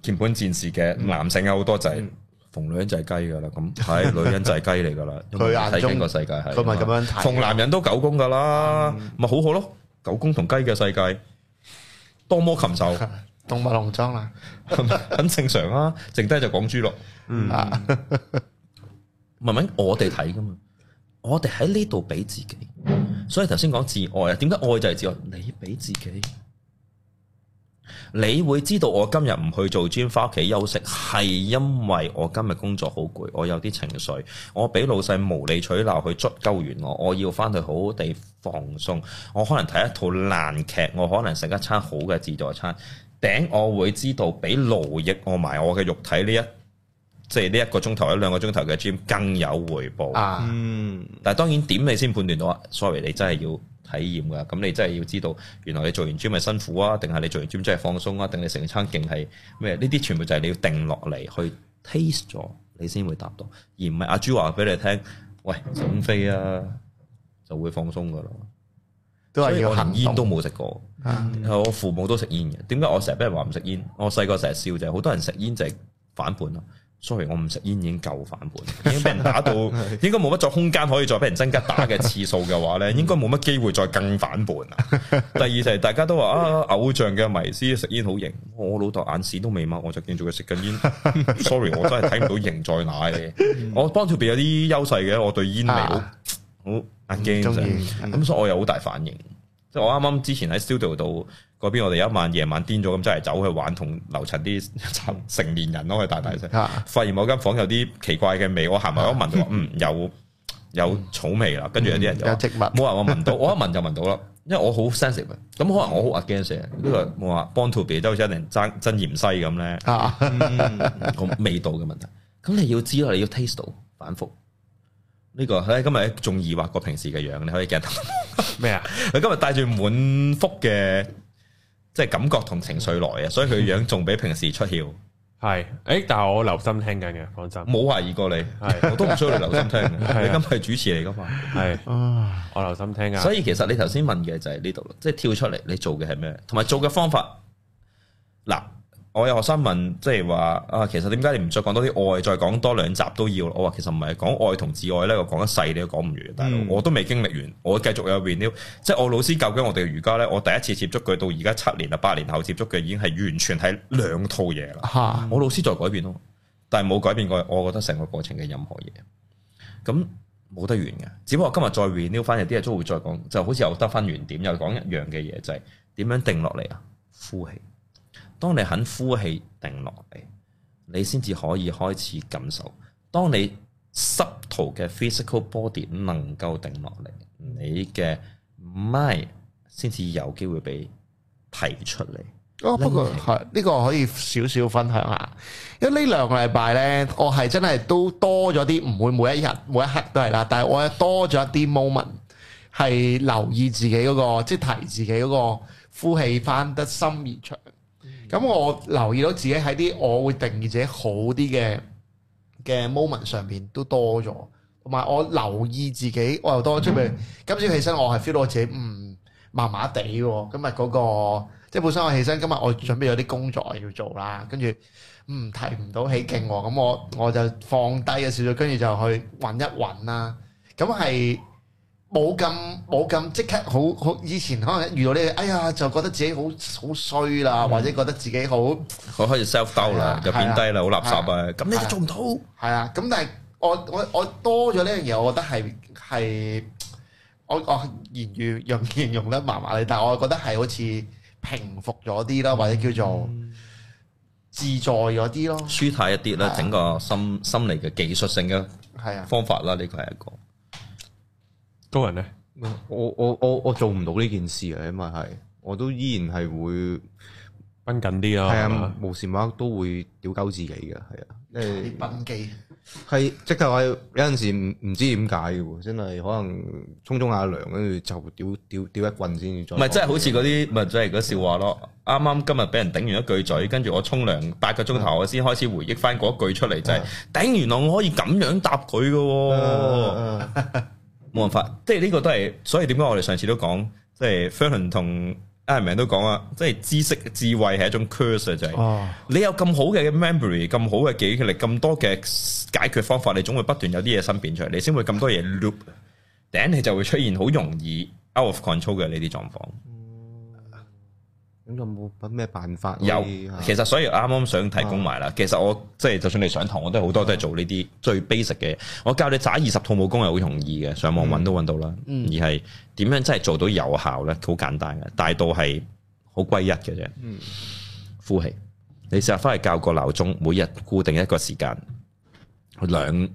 鍵盤戰士嘅男性有好多仔，就係。嗯嗯逢女人就係雞噶啦，咁、嗯、係女人就係雞嚟噶啦，佢眼 中個世界係佢咪咁樣睇？逢男人都狗公噶啦，咪好、嗯、好咯，狗公同雞嘅世界多麼禽獸， 動物農莊啦， 係咪很正常啊，剩低就講豬咯，啊、 嗯，明明我哋睇噶嘛，我哋喺呢度俾自己，所以頭先講自愛啊，點解愛就係自愛？你俾自己。你會知道我今日唔去做 gym，翻屋企休息係因為我今日工作好攰，我有啲情緒，我俾老細無理取鬧去捉鳩完我，我要翻去好好地放鬆。我可能睇一套爛劇，我可能食一餐好嘅自助餐，頂我會知道俾勞役我埋我嘅肉體呢一。即係呢一個鐘頭、一兩個鐘頭嘅 gym 更有回報。啊、嗯，但係當然點你先判斷到啊？sorry，你真係要體驗噶，咁你真係要知道原來你做完 gym 係辛苦啊，定係你做完 gym 真係放鬆啊？定係成餐勁係咩？呢啲全部就係你要定落嚟去 taste 咗，你先會答到，而唔係阿朱話俾你聽：喂，整飛啊，就會放鬆噶啦。都係要行，我煙都冇食過，嗯、我父母都食煙嘅。點解我成日俾人話唔食煙？我細個成日笑就係、是、好多人食煙就係反叛咯。Sorry，我唔食煙已經夠反叛，已經俾人打到，應該冇乜作空間可以再俾人增加打嘅次數嘅話咧，應該冇乜機會再更反叛啦。第二就係大家都話啊，偶像嘅迷思食煙好型，我老豆眼屎都未掹，我就見到佢食緊煙。 Sorry，我真係睇唔到型在哪嘅，我幫條鼻有啲優勢嘅，我對煙味、啊、好壓驚嘅，咁所以我有好大反應。即係我啱啱之前喺 studio 度嗰邊，我哋有一晚夜晚癲咗咁，真係走去玩，同樓層啲成年人咯，佢大大聲，嗯、發現某間房間有啲奇怪嘅味，嗯、我行埋一聞，嗯、嗯，有有草味啦，跟住有啲人就、嗯、有植物？冇人話聞到， 我一聞就聞到啦，因為我好 sensitive，咁可能我好 against 驚死，呢個冇話幫塗好似一定爭真芫荽咁咧，個味道嘅問題，咁你要知道你要 taste 到，反覆。呢個咧今日仲疑惑過平時嘅樣，你可以驚咩啊？佢 麼今日帶住滿腹嘅即係感覺同情緒來啊，所以佢嘅樣仲比平時出竅。係，誒、欸，但係我留心聽緊嘅，講真，冇懷疑過你，是我都唔需要你留心聽 你今日係主持嚟噶嘛？係、啊， 我留心聽啊。所以其實你頭先問嘅就係呢度即係跳出嚟，你做嘅係咩？同埋做嘅方法嗱。我有學生問，即係話啊，其實點解你唔再講多啲愛，再講多兩集都要？我話其實唔係講愛同自愛呢，我講一世你都講唔完。但係、嗯、我都未經歷完，我繼續有 renew。即係我老師教緊我哋嘅瑜伽咧，我第一次接觸佢到而家七年啦，八年後接觸嘅已經係完全係兩套嘢啦。嗯、我老師再改變咯，但係冇改變過，我覺得成個過程嘅任何嘢，咁冇得完嘅。只不過今日再 renew 翻，有啲嘢都會再講，就好似又得翻原點，又講一樣嘅嘢，就係、是、點樣定落嚟啊？呼氣。當你肯呼氣定落嚟，你先至可以開始感受。當你濕途嘅 physical body 能夠定落嚟，你嘅 mind 先至有機會俾提出嚟。哦，不過呢、這個可以少少分享下。因為呢兩個禮拜呢，我係真係都多咗啲，唔會每一日、每一刻都係啦。但係我係多咗一啲 moment，係留意自己嗰、那個，即係提自己嗰、那個呼氣翻得深而長。咁我留意到自己喺啲我會定義自己好啲嘅嘅 moment 上邊都多咗，同埋我留意自己我又多咗出面。嗯、今朝起身我係 feel 到自己嗯麻麻地喎，今日嗰、嗰個即係本身我起身，今日我準備有啲工作要做啦，跟住唔提唔到起勁喎，咁我我就放低咗少少，跟住就去揾一揾啦。咁係。冇咁冇咁即刻好好，以前可能遇到呢，哎呀就覺得自己好好衰啦，或者覺得自己好好開始 self doubt 啦，就變低啦，好垃圾啊！咁你都做唔到。係啊，咁但係我我我多咗呢樣嘢，我覺得係係我我言語用形容得麻麻地，但我覺得係好似平復咗啲啦，或者叫做自在咗啲咯，舒泰一啲啦，整個心心理嘅技術性嘅方法啦，呢個係一個。高人呢，我我我我做唔到呢件事啊，咁啊係，我都依然係會繃緊啲啊。係啊嗎，無時無刻都會屌鳩自己嘅，係啊，即係繃機。係即係我有陣時唔唔知點解嘅，真係可能沖沖下涼跟住就屌屌屌一棍先。唔係，真係好似嗰啲咪即係嗰笑話咯。啱啱、嗯、今日俾人頂完一句嘴，跟住我沖涼八個鐘頭，嗯、我先開始回憶翻嗰句出嚟就係頂，原來我可以咁樣答佢嘅。啊 冇辦法，即係呢個都係，所以點解我哋上次都講、就是，即係 Fern 同阿明都講啊，即係知識智慧係一種 curse 啊。就係，你有咁好嘅 memory，咁好嘅記憶力，咁多嘅解決方法，你總會不斷有啲嘢新變出嚟，你先會咁多嘢 loop，頂你就會出現好容易 out of control 嘅呢啲狀況。咁有冇乜咩辦法？有，其實所以啱啱想提供埋啦。啊、其實我即係就算你上堂，我都好多都係做呢啲最 basic 嘅。我教你打二十套武功係好容易嘅，上網揾都揾到啦。嗯嗯、而係點樣真係做到有效呢？好簡單嘅，大到係好歸一嘅啫。嗯、呼氣，你試下翻去教個鬧鐘，每日固定一個時間兩。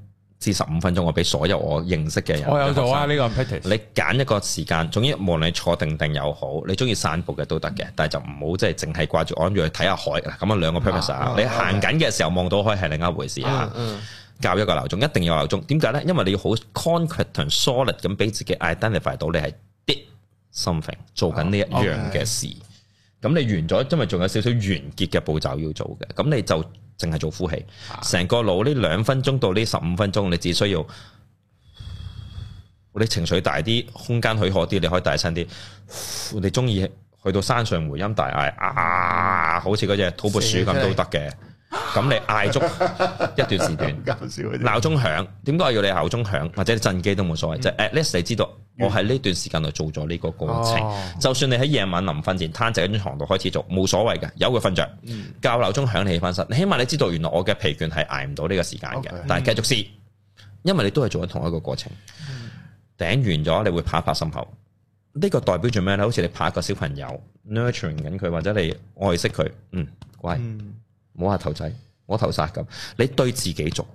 四十五分鐘，我俾所有我認識嘅人。我、哦哦、有做啊，呢個。你揀一個時間，總之無論你坐定定又好，你中意散步嘅都得嘅，嗯、但係就唔好即係淨係掛住我諗住去睇下海。咁啊、嗯、兩個 parameter 啊，嗯嗯、你行緊嘅時候望到海係另一回事啊。嗯嗯、教一個鬧鐘，一定要鬧鐘。點解呢？因為你要好 concrete 同 solid 咁俾自己 identify 到你係 did something 做緊呢一樣嘅事。咁、嗯嗯嗯、你完咗，因為仲有少少完結嘅步驟要做嘅，咁你就。淨係做呼氣，成個腦呢兩分鐘到呢十五分鐘，你只需要，你情緒大啲，空間許可啲，你可以大聲啲。你中意去到山上回音大嗌啊，好似嗰隻土撥鼠咁都得嘅。咁你嗌足一段時段，鬧鐘響，點解要你鬧鐘響或者震機都冇所謂？即係 at least 你知道我喺呢段時間內做咗呢個過程，就算你喺夜晚臨瞓前攤喺張床度開始做，冇所謂嘅，有佢瞓着，教鬧鐘響你起翻身，起碼你知道原來我嘅疲倦係挨唔到呢個時間嘅，但係繼續試，因為你都係做緊同一個過程。頂完咗你會拍一拍心口，呢個代表住咩咧？好似你拍一個小朋友 nurturing 緊佢，或者你愛惜佢，嗯，乖。冇話頭仔，我頭殺咁，你對自己做，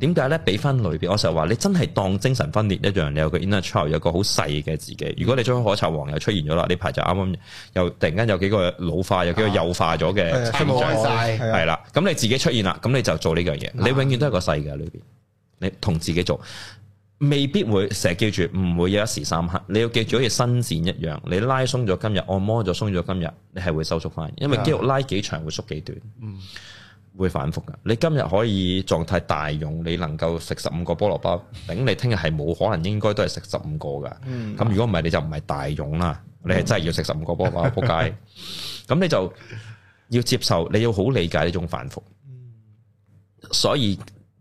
點解咧？俾翻裏邊，我成日話你真係當精神分裂一樣，你有個 inner child，有個好細嘅自己。如果你將海賊王又出現咗啦，呢排就啱啱又突然間有幾個老化，啊、有幾個幼化咗嘅，拆開晒係啦。咁你自己出現啦，咁你就做呢樣嘢，啊、你永遠都係個細嘅裏邊，你同自己做。未必會成日記住，唔會有一時三刻。你要記住好似伸展一樣，你拉鬆咗今日，按摩咗鬆咗今日，你係會收縮翻。因為肌肉拉幾長會縮幾短，會反復噶你今日可以狀態大勇，你能夠食十五個菠蘿包，頂你聽日係冇可能應該，應該都係食十五個噶咁如果唔係，你就唔係大勇啦。你係真係要食十五個菠蘿包撲街，咁、嗯、 你就要接受，你要好理解呢種反復。所以。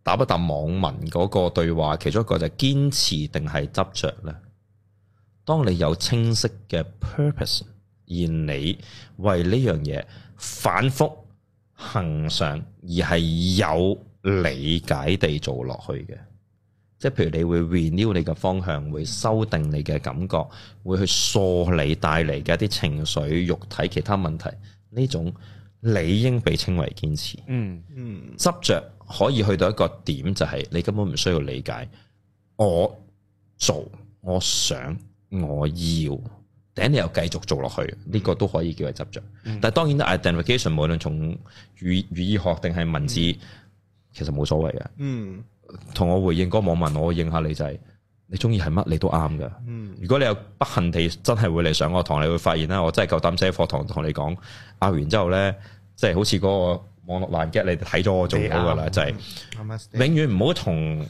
答一答網民嗰個對話，其中一個就堅持定係執着咧。當你有清晰嘅 purpose，而你為呢樣嘢反覆行上，而係有理解地做落去嘅，即係譬如你會 renew 你嘅方向，會修訂你嘅感覺，會去梳你帶嚟嘅一啲情緒、肉體、其他問題呢種。理應被稱為堅持。嗯嗯，嗯，執着，可以去到一個點，就係你根本唔需要理解我做，我想，我要，等你又繼續做落去，呢、嗯、個都可以叫係執著。嗯、但係當然啦，identification 無論從語語意學定係文字，嗯、其實冇所謂嘅。嗯，同我回應嗰個網民，我應下你就係、是。你中意係乜你都啱嘅。如果你有不幸地真係會嚟上我堂，你會發現啦，我真係夠膽寫課堂同你講。啊完之後咧，即係好似嗰個網絡難 get，你睇咗我做嘢嘅啦，就係永遠唔好同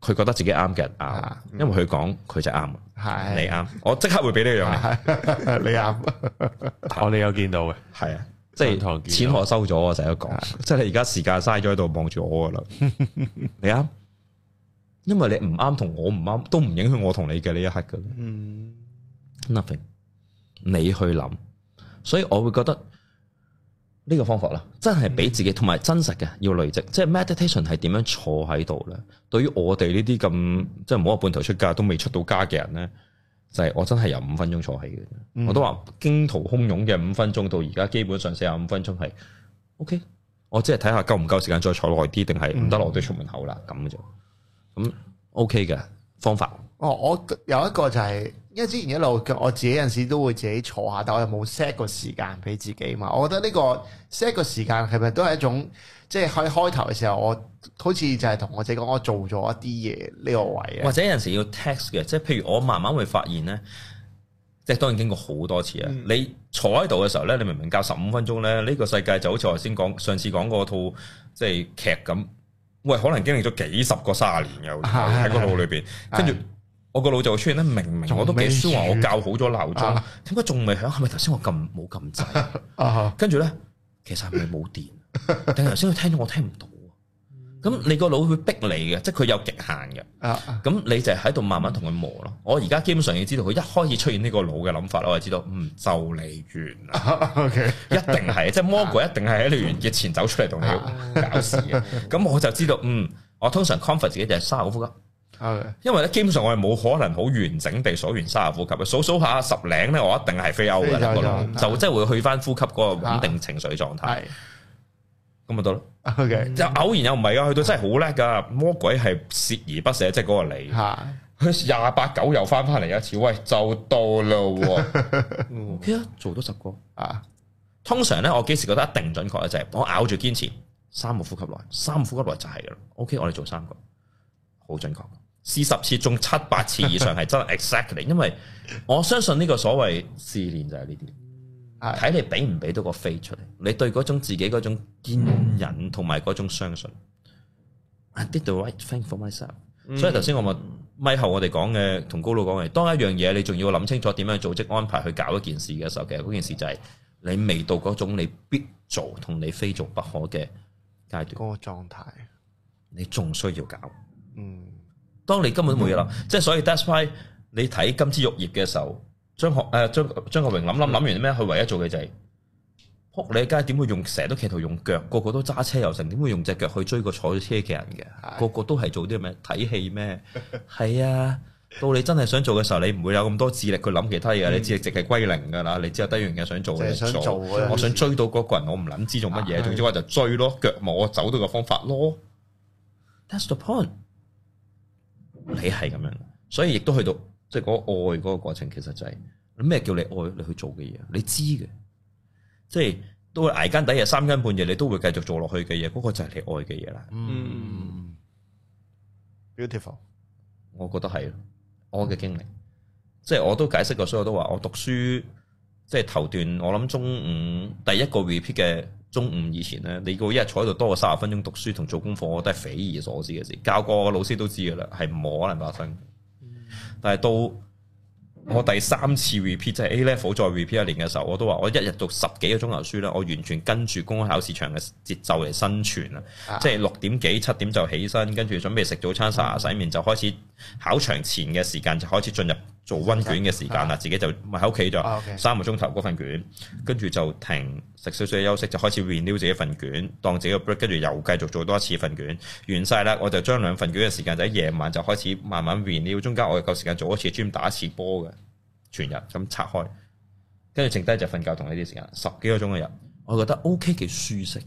佢覺得自己啱嘅啊，因為佢講佢就啱。係的你啱，我即刻會俾呢樣你啱，我哋有到的見到嘅，係啊，即係錢我收咗我成日都講，即係你而家時間嘥咗喺度望住我嘅啦。的 你啱。因為你唔啱同我唔啱，都唔影響我同你嘅呢一刻嘅。嗯，nothing，你去諗，所以我會覺得呢、這個方法啦，真係俾自己同埋、嗯、真實嘅要累積。即、就、係、是、meditation 係點樣坐喺度咧？對於我哋呢啲咁即係唔好話半途出家，都未出到家嘅人咧，就係、是、我真係由五分鐘坐起嘅。嗯、我都話驚濤洶湧嘅五分鐘到而家，基本上四十五分鐘係 OK。我即係睇下夠唔夠時間再坐耐啲，定係唔得啦，我哋出門口啦咁嘅啫。咁、嗯、OK 嘅方法，哦，我有一個就係、是，因為之前一路我自己有陣時都會自己坐下，但我又冇 set 個時間俾自己嘛。我覺得呢個 set 個時間係咪都係一種，即係喺開頭嘅時候，我好似就係同我自己講，我做咗一啲嘢呢個位，或者有陣時要 test 嘅，即係譬如我慢慢會發現咧，即係當然經過好多次啊。嗯、你坐喺度嘅時候咧，你明明教十五分鐘咧，呢、這個世界就好似我頭先講上次講嗰套即係劇咁。喂，可能經歷咗幾十個卅年嘅喎，喺的個腦裏邊，跟住我個腦就會出現咧。明明我都幾舒話我校好咗鬧鐘，點解仲未響？係咪頭先我撳冇撳掣？跟住咧，其實係咪冇電？定係頭先佢聽到我聽唔到？咁你個腦會逼你嘅，即係佢有極限嘅。啊咁你就喺度慢慢同佢磨咯。我而家基本上要知道佢一開始出現呢個腦嘅諗法，我就知道嗯，就嚟完。啊、o、okay, 一定係，啊、即係魔鬼一定係喺你完結前走出嚟同你、啊、搞事嘅。咁、啊、我就知道，嗯，我通常 comfort 自己就係三十呼吸。係，因為咧基本上我係冇可能好完整地數完三十呼吸，數數下十領咧，我一定係飛歐嘅。就即係會去返呼吸嗰個穩定情緒狀態。啊啊。咁咪得咯。O Okay . K，又偶然又唔係啊，去到真係好叻噶。魔鬼係鍥而不捨，即係嗰個你。係、啊，去廿八九又翻翻嚟一次。喂，就到啦。 嗯、o、okay, K，做多十個啊。通常咧，我幾時覺得一定準確咧，就係、是、我咬住堅持，三個呼吸內，三個呼吸內就係啦。O、okay, K，我哋做三個，好準確。四十次中七八次以上係真 ，exactly。因為我相信呢個所謂試練就係呢啲。睇你俾唔俾到個飛出嚟，你對嗰種自己嗰種堅忍同埋嗰種相信，嗯、I did the right thing for myself、嗯。所以頭先我咪咪後我哋講嘅，同高佬講嘅，當一樣嘢你仲要諗清楚點樣組織安排去搞一件事嘅時候，其實嗰件事就係你未到嗰種你必做同你非做不可嘅階段。嗰個狀態你仲需要搞。嗯，當你根本都冇嘢諗，即係，嗯、所以 That's why，嗯、你睇金枝玉葉嘅時候。張學誒，張張國榮諗諗諗完咩？佢唯一做嘅就係扑你街，點會用成日都企圖用腳，個個都揸車又成，點會用隻腳去追個坐車嘅人嘅？個個都係做啲咩睇戲咩？係啊，到你真係想做嘅時候，你唔會有咁多智力，去諗其他嘢，你智力直係歸零噶啦。你只有低樣嘅想做，我想做，我想追到嗰個人，我唔諗知做乜嘢，總之話就追咯，腳冇我走到嘅方法咯。That's the point，你係咁樣，所以亦都去到。即係嗰愛嗰個過程，其實就係咩叫你愛你去做嘅嘢？你知嘅，即係都會捱更底日三更半夜，你都會繼續做落去嘅嘢。嗰、嗰個就係你愛嘅嘢啦。嗯，Beautiful，我覺得係，我嘅經歷，即係我都解釋過，所以我都話我讀書，即係頭段，我諗中午第一個 repeat 嘅中午以前咧，你一個一日坐喺度多過三十分鐘讀書同做功課，我都係匪夷所思嘅事。教過嘅老師都知噶啦，係冇可能發生。但係到我第三次 repeat 即係 A level 再 repeat 一年嘅時候，我都話我一日讀十幾個鐘頭書啦，我完全跟住公開考試場嘅節奏嚟生存啊！即係六點幾七點就起身，跟住準備食早餐、刷牙、洗面，就開始考場前嘅時間就開始進入。做溫卷嘅時間啦，嗯、自己就咪喺屋企就三個鐘頭嗰份卷，跟住就停食少少休息，就開始 renew 自己份卷，當自己嘅 break，跟住又繼續做多一次份卷，完晒啦，我就將兩份卷嘅時間就喺夜晚就開始慢慢 renew，中間我又夠時間做一次專打一次波嘅全日，咁拆開，跟住剩低就瞓覺同呢啲時間，十幾個鐘嘅日，我覺得 OK 幾舒適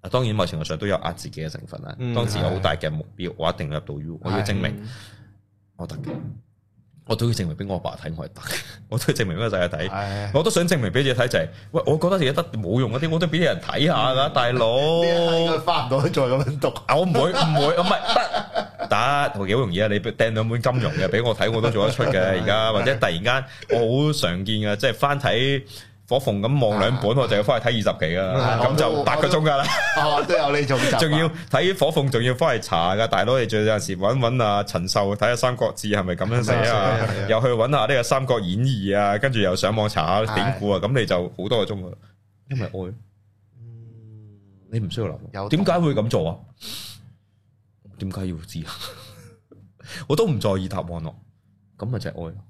啊，當然某程度上都有壓自己嘅成分啦。嗯嗯、當時有好大嘅目標，我一定要入到 U，我要證明我得嘅。我都要證明俾我阿爸睇，我係得；我都要證明俾個仔睇，唉我都想證明俾自己睇就係，喂，我覺得自己得冇用嗰啲，我都俾、嗯、啲人睇下噶，大佬。翻唔到再咁樣讀，我唔會唔會，唔係得打，幾好 容易啊！你掟兩本金融嘅俾我睇，我都做得出嘅。而家或者突然間，我好常見嘅，即係翻睇。火鳳咁望兩本，我就要翻去睇二十幾噶，咁就八個鐘噶啦，都有呢種。仲要睇火鳳，仲要翻去查噶。大佬，你仲有陣時搵搵阿陳壽，睇下《三國志》係咪咁樣寫啊？又去搵下呢個《三國演義》啊，跟住又上網查下典故啊。咁你就好多個鐘啊，因為愛，你唔需要諗，點解會咁做啊？點解要知啊？我都唔在意答案咯，咁咪就係愛咯。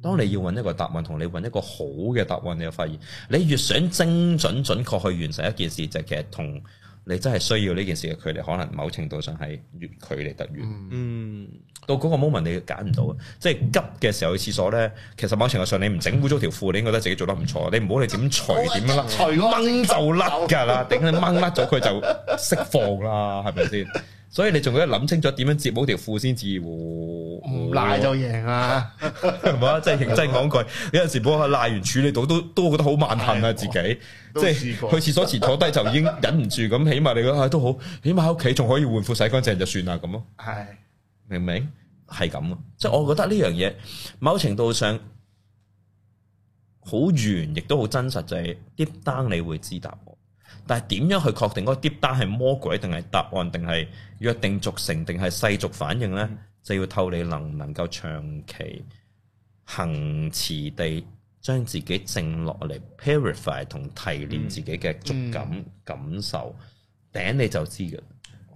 當你要揾一個答案，同你揾一個好嘅答案，你就發現，你越想精準、準確去完成一件事，就係、其實同你真係需要呢件事嘅距離，可能某程度上係越距離得遠。嗯，嗯，到嗰個 moment 你揀唔到啊！即係急嘅時候去廁所咧，其實某程度上你唔整污糟條褲，你應該覺得自己做得唔錯。你唔好你點除點樣甩，除掹就甩㗎啦！頂你掹甩咗佢就釋放啦，係咪先？所以你仲要諗清楚點樣接好條褲先至，唔、哦、瀨就贏啊，係嘛？ 即係認真講句，有陣時幫佢瀨完處理到都都，都覺得好萬幸啊自己，即係、哎、去廁所前坐低就已經忍唔住咁， 起碼你覺得、哎、都好，起碼喺屋企仲可以換褲洗乾淨就算啦咁咯。係明唔明？係咁、嗯、即係、就是、我覺得呢樣嘢某程度上好圓，亦都好真實，就係啲單你會知答我。但係點樣去確定嗰個 deep down 係魔鬼定係答案定係約定俗成定係世俗反應呢？嗯、就要透你能唔能夠長期恒持地將自己靜落嚟 purify 同提煉自己嘅觸感、嗯嗯、感受頂你就知㗎。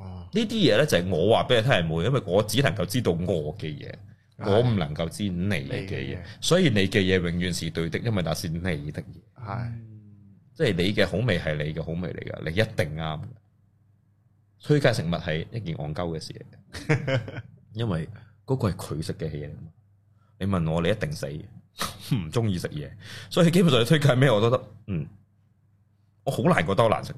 呢啲嘢呢，就係我話俾你聽係冇，因為我只能夠知道我嘅嘢，唉我唔能夠知你嘅嘢。唉所以你嘅嘢永遠是對的，因為那是你的嘢。係。即係你嘅好味係你嘅好味嚟噶，你一定啱。推介食物係一件戇鳩嘅事嚟， 因為嗰個係佢食嘅嘢嚟。你問我，你一定死，唔中意食嘢，所以基本上你推介咩我都得。嗯，我好難覺得好難食嘅，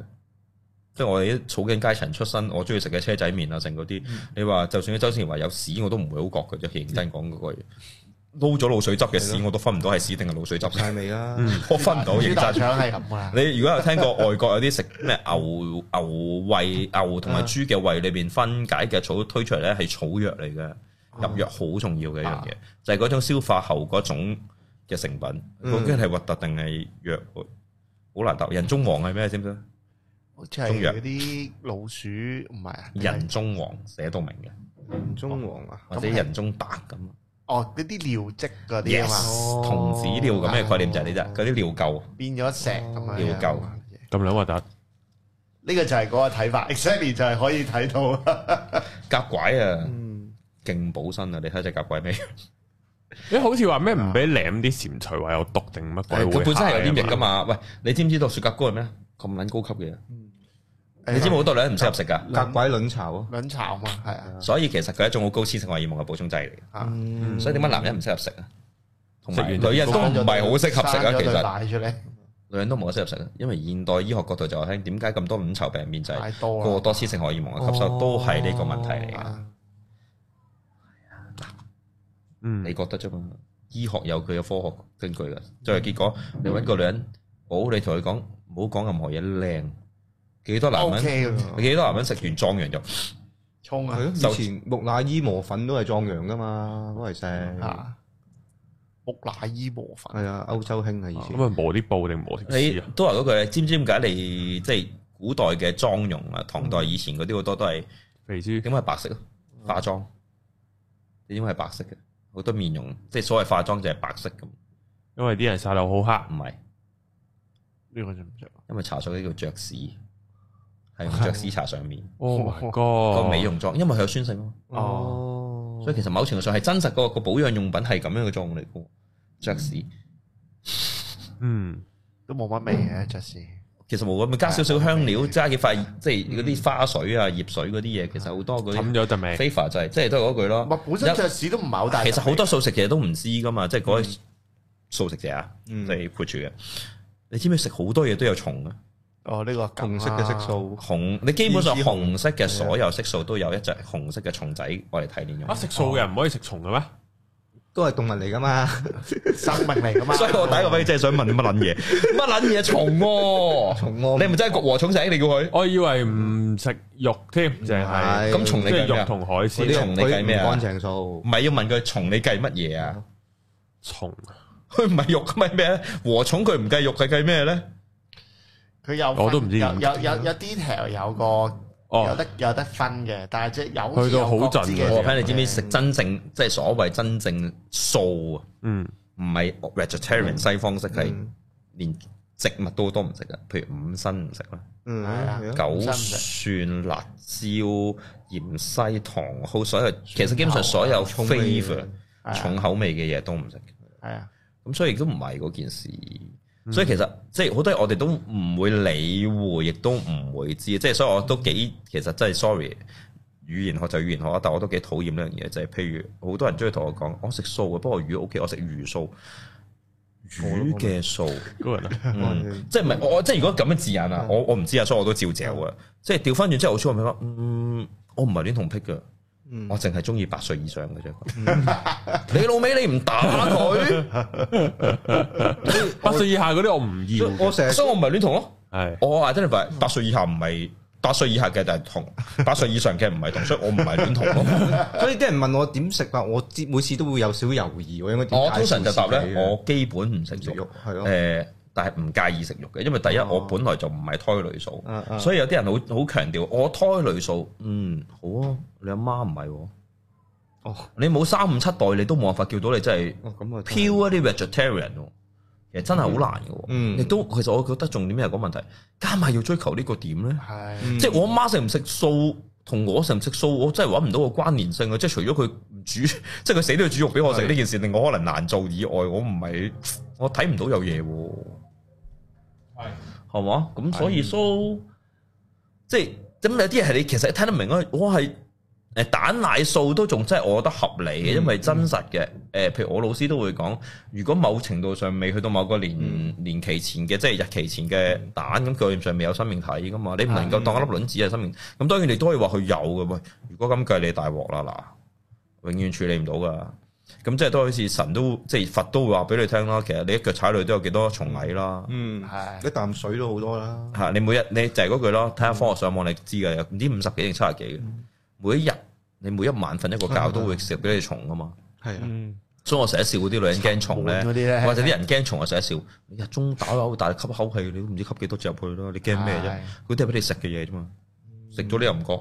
即係我哋啲草根階層出身，我中意食嘅車仔麵啊，成嗰啲。你話就算周星馀話有屎，我都唔會好覺嘅，即係認真講嗰嘢。撈咗滷水汁嘅屎，的我都分唔到係屎定係滷水汁嚟啦。 我分唔到嘢。豬大腸係咁啊！ 你如果有聽過外國有啲食咩牛牛胃牛同埋豬嘅胃裏邊分解嘅草推出嚟咧，係草藥嚟嘅。入藥好重要嘅一樣嘢，嗯、就係嗰種消化後嗰種嘅成品，究竟係核突定係藥，好難答。人中王係咩？知唔知？好似係嗰啲老鼠唔係啊？人中王寫到明嘅，是人中王啊，或者人中白咁。哦，嗰啲尿漬嗰啲嘢嘛，童子尿咁咩概念就係呢啲，嗰啲尿垢變咗石咁啊，尿垢咁核突。呢個就係嗰個睇法，X-ray 就係可以睇到夾拐啊，嗯，勁補身啊，你睇隻夾拐咩。你好似話咩唔俾舐啲蟾蜍，話有毒定乜鬼？佢本身係有啲藥噶嘛？喂，你知唔知道雪蛤膏係咩？咁撚高級嘅。你知唔知好多女人唔適合食噶，隔鬼卵巢，卵巢嘛，係啊，所以其實佢一種好高雌性荷爾蒙嘅補充劑嚟嘅，吓，所以點解男人唔適合食啊？同埋女人都唔係好適合食啊，其實，女人都冇得適合食，因為現代醫學角度就係點解咁多卵巢病變就過多雌性荷爾蒙嘅吸收都係呢個問題嚟啊。嗯，你覺得啫嘛？醫學有佢嘅科學根據噶，作為結果，你揾個女人，好你同佢講，唔好講任何嘢靚。幾多男人？幾多男人食完壯陽肉？沖啊！以前木乃伊磨粉都係壯陽噶嘛，都係食。木乃伊磨粉係啊，歐洲興啊，以前咁啊磨啲布定磨啲紙都係嗰句，知唔知點解你即係古代嘅妝容啊？唐代以前嗰啲好多都係肥豬，點解係白色咯？化妝點解係白色嘅？好多面容即係所謂化妝就係白色咁，因為啲人曬到好黑。唔係呢個就唔着？因為茶水呢叫爵士。係爵士茶上面，哦，個美容妝，因為佢有酸性哦，所以其實某程度上係真實個個保養用品係咁樣嘅作用嚟嘅。爵士，嗯，都冇乜味嘅爵士。其實冇，咪加少少香料，加幾塊即係嗰啲花水啊、葉水嗰啲嘢，其實好多嗰啲。咗就味。f e 就係即係都係嗰句咯。咪本身爵士都唔係好大。其實好多素食其實都唔知噶嘛，即係嗰啲素食者啊，即係配住嘅。你知唔知食好多嘢都有蟲啊？哦，呢個紅色嘅色素，紅，你基本上紅色嘅所有色素都有一隻紅色嘅蟲仔過嚟睇。煉咁。啊，食素嘅人唔可以食蟲嘅咩？都係動物嚟噶嘛，生物嚟噶嘛。所以我第一個位真係想問你乜撚嘢？乜撚嘢蟲？蟲？你唔係真係焗禾蟲仔嚟？叫佢？我以為唔食肉添，淨係咁蟲，你計肉同海鮮啲蟲你計咩啊？乾淨素唔係要問佢蟲你計乜嘢啊？蟲？佢唔係肉，咁係咩？禾蟲佢唔計肉，佢計咩咧？佢有我都唔知，有有有 detail 有個有得有得分嘅，但係即係有條國好自嘅。睇你知唔知食真正即係所謂真正素啊？嗯，唔係 vegetarian 西方式係連植物都都唔食嘅，譬如五辛唔食啦，嗯，九、蒜、辣椒、芫茜、糖，好所有其實基本上所有 heavy 重口味嘅嘢都唔食嘅。係啊，咁所以亦都唔係嗰件事。所以其實即係好多嘢，我哋都唔會理會，亦都唔會知。即係所以我都幾其實真係 sorry。語言學就語言學，但我都幾討厭呢樣嘢，就係譬如好多人中意同我講，我食素嘅，不過魚 OK，我食魚素，魚嘅素。即係唔係我即係如果咁嘅字眼啊，我我唔知啊，所以我都照嚼嘅。的即係調翻轉之後好錯，佢話嗯，我唔係亂同闢㗎。嗯，我淨係中意八歲以上嘅啫。 你老味，你唔打佢，八歲以下嗰啲我唔要，我所以我唔係亂同咯。係我是、oh, I identify 八歲以下唔係八歲以下嘅就係同 八歲以上嘅唔係同，所以我唔係亂同咯。 所以啲人問我點食法，我接每次都會有少少猶豫，我應該。我通常就答咧，我基本唔食肉肉，係咯。誒、哦。 但係唔介意食肉嘅，因為第一、哦、我本來就唔係胎裏素，啊 uh, 所以有啲人好好強調我胎裏素，嗯好啊，你阿媽唔係喎，哦，哦你冇三五七代你都冇辦法叫到你真係，哦咁啊 pure 啲 vegetarian，其實真係好難嘅，嗯，亦都其實我覺得重點係個問題，加埋要追求個呢個點咧，係、嗯，即係我阿媽食唔食素，同我食唔食素，我真係搵唔到個關聯性啊！即係除咗佢煮，即係佢死都要煮肉俾我食呢的件事令我可能難做以外，我唔係我睇唔到有嘢喎。係，係嘛？咁所以蘇，的即係咁有啲嘢係你其實睇得明啊！我係誒蛋奶素都仲真係我覺得合理嘅，因為真實嘅。誒、嗯呃，譬如我老師都會講，如果某程度上未去到某個年年期前嘅，即係日期前嘅蛋，咁概念上未有生命體噶嘛，你唔能夠當一粒卵子係生命。咁的當然你都可以話佢有嘅噃。如果咁計你大鑊啦嗱，永遠處理唔到噶。咁即係都好似神都即係佛都會話俾你聽啦，其實你一腳踩落去都有幾多蟲蟻啦。嗯，係一啖水都好多啦。吓，你每日你就係嗰句咯，睇下科學上網你知噶，唔知五十幾定七十幾。每一日你每一晚瞓一個覺都會食俾你蟲噶嘛。係啊，所以我成日笑嗰啲女人驚蟲咧，或者啲人驚蟲我成日笑。日中打嘔，但係吸口氣你都唔知吸幾多隻入去咯，你驚咩啫？佢都係俾你食嘅嘢啫嘛，食咗你又唔覺。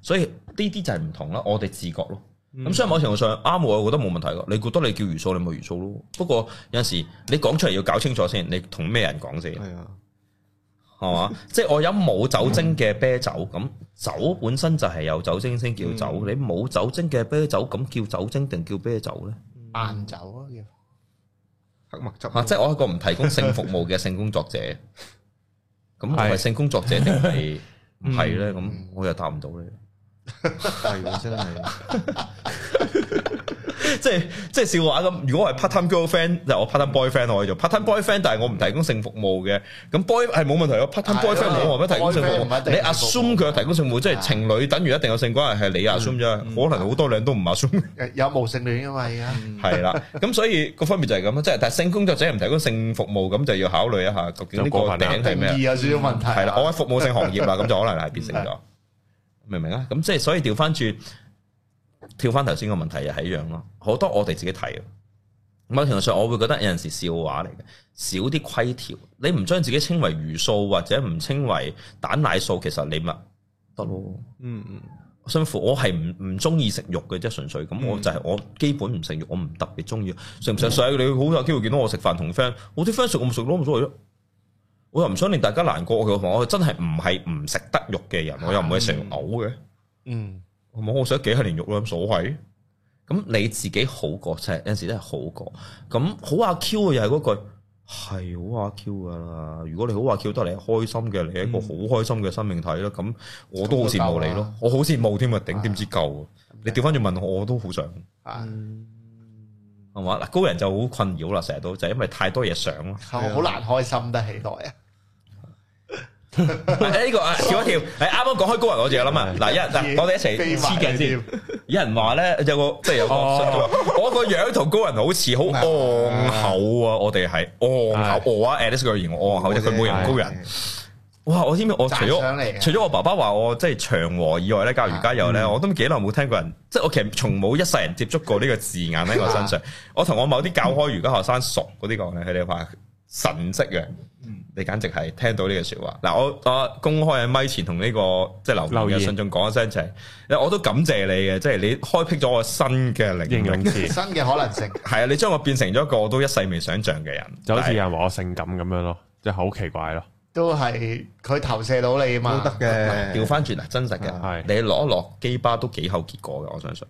所以呢啲就係唔同啦，我哋自覺咯。咁所以某程度上啱我，我覺得冇問題嘅。你覺得你叫餘數，你咪餘數咯。不過有陣時你講出嚟要搞清楚先，你同咩人講先？係啊，係嘛？即係我飲冇酒精嘅啤酒？咁酒本身就係有酒精先叫酒。你冇酒精嘅啤酒，咁叫酒精定叫啤酒咧？晏酒啊，叫黑麥汁啊。即係我係一個唔提供性服務嘅性工作者，咁係咪性工作者定係唔係咧？咁我又答唔到你。係，真係，即係即係笑話咁。如果我係 part time girlfriend，就我 part time boyfriend 可以做 part time boyfriend，但係我唔提供性服務嘅。咁 boy 係冇問題咯，part time boyfriend 冇乜提供性服務。你 assume 佢有提供性服務，即係情侶等於一定有性關係係你 assume 啫，可能好多靚都唔 assume。有無性戀啊嘛而家？係啦，咁所以個分別就係咁，即係但係性工作者唔提供性服務，咁就要考慮一下究竟呢個頂係咩，有少少問題。係啦，我係服務性行業啦，咁就可能係變成咗。明唔明啊？咁即係所以調翻轉，跳翻頭先個問題又係一樣咯。好多我哋自己睇，某程度上我會覺得有陣時笑話嚟嘅，少啲規條。你唔將自己稱為魚素或者唔稱為蛋奶素，其實你咪得咯。喲嗯嗯，辛苦。我係唔唔中意食肉嘅，啫，係純粹咁，嗯、我就係我基本唔食肉，我唔特別中意。實唔實際，嗯、你好有機會見到我食飯同 friend，我啲 friend 熟我唔熟，我都唔做嘅。我又唔想令大家難過我嘅話，我真係唔係唔食得肉嘅人，我又唔會成嘔嘅，嗯，冇、嗯、我食咗幾十年肉啦，咁所謂，咁你自己好過，即係有陣時真係好過，咁好阿 Q 嘅又係嗰句，係好阿 Q 噶啦，如果你好阿 Q，都係你開心嘅，你係一個好開心嘅生命體啦，咁、嗯、我都好羨慕你咯，嗯、我好羨慕添啊，頂點知夠，嗯、你調翻轉問我，我都好想啊。嗯嗯嗱，高人就好困擾啦，成日都就因為太多嘢想咯，好難開心得起來啊！呢個啊，跳一跳，誒，啱啱講開高人，我自己諗啊。嗱，一嗱，我哋一齊黐鏡先。有人話咧，有個即係有個，我個樣同高人好似好憨厚啊！我哋係憨厚，我啊，at least 句言我憨厚，即係佢冇人高人。哇！我知唔知我除咗除咗我爸爸話我即係祥和以外咧，教瑜伽友咧，嗯、我都幾耐冇聽過人，即係我其實從冇一世人接觸過呢個字眼喺我身上。嗯、我同我某啲教開瑜伽學生熟嗰啲講咧，佢哋話神識嘅，嗯、你簡直係聽到呢個說話。嗱，我我公開喺咪前同呢、這個即係、就是、留言信眾講一聲就是、我都感謝你嘅，即、就、係、是、你開闢咗我的新嘅領域、形容詞 新嘅可能性。係啊， 你將我變成咗一個我都一世未想象嘅人，就好似有話我性感咁樣咯，即係好奇怪咯。都係佢投射到你啊嘛，都得嘅，調翻轉啊，真實嘅，係你攞一落基巴都幾好結果嘅，我相信。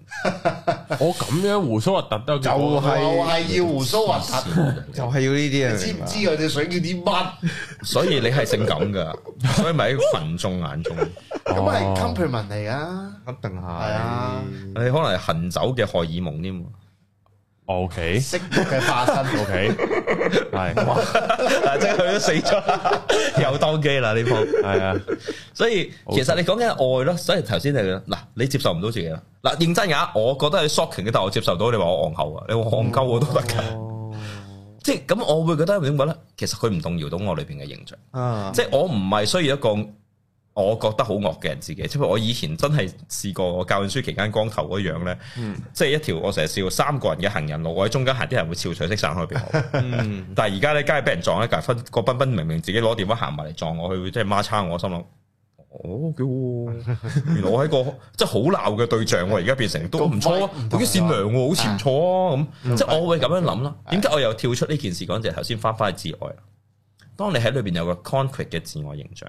我咁樣鬍鬚核突得，就係要鬍鬚核突，就係要呢啲啊。你知唔知佢哋想要啲乜？所以你係性感噶，所以咪喺群眾眼中，咁咪 compliment 嚟噶，肯定係。係啊，你可能係行走嘅荷爾蒙添。O K，色欲嘅化身，O K，係，嗱、okay? 即係佢都死咗， 又當機啦呢方，係啊，所以其實你講緊愛咯，所以頭先係嗱，你接受唔到自己啦，嗱，認真下，我覺得係 shocking 嘅，但我接受到，你話我戇后啊，你話我戇鳩我都得嘅，嗯、 即係咁，我會覺得點講咧，其實佢唔動搖到我裏邊嘅形象，即係我唔係需要一個。 我覺得好惡嘅人自己，即係我以前真係試過，我教書期間光頭嗰樣咧，嗯、即係一條我成日笑三個人嘅行人路，我喺中間行，啲人會潮水式散開入邊。但係而家咧，梗係俾人撞一格分，個彬彬明明自己攞電話行埋嚟撞我，佢即係孖叉我，我心諗哦，原來我係個即係好鬧嘅對象，而家變成都唔錯啊，好、嗯、善良喎，嗯、好似唔錯啊咁，嗯、即係我會咁樣諗啦。點解、嗯、我又跳出呢件事講就係頭先翻返去自愛，當你喺裏邊有個 concrete 嘅自我形象。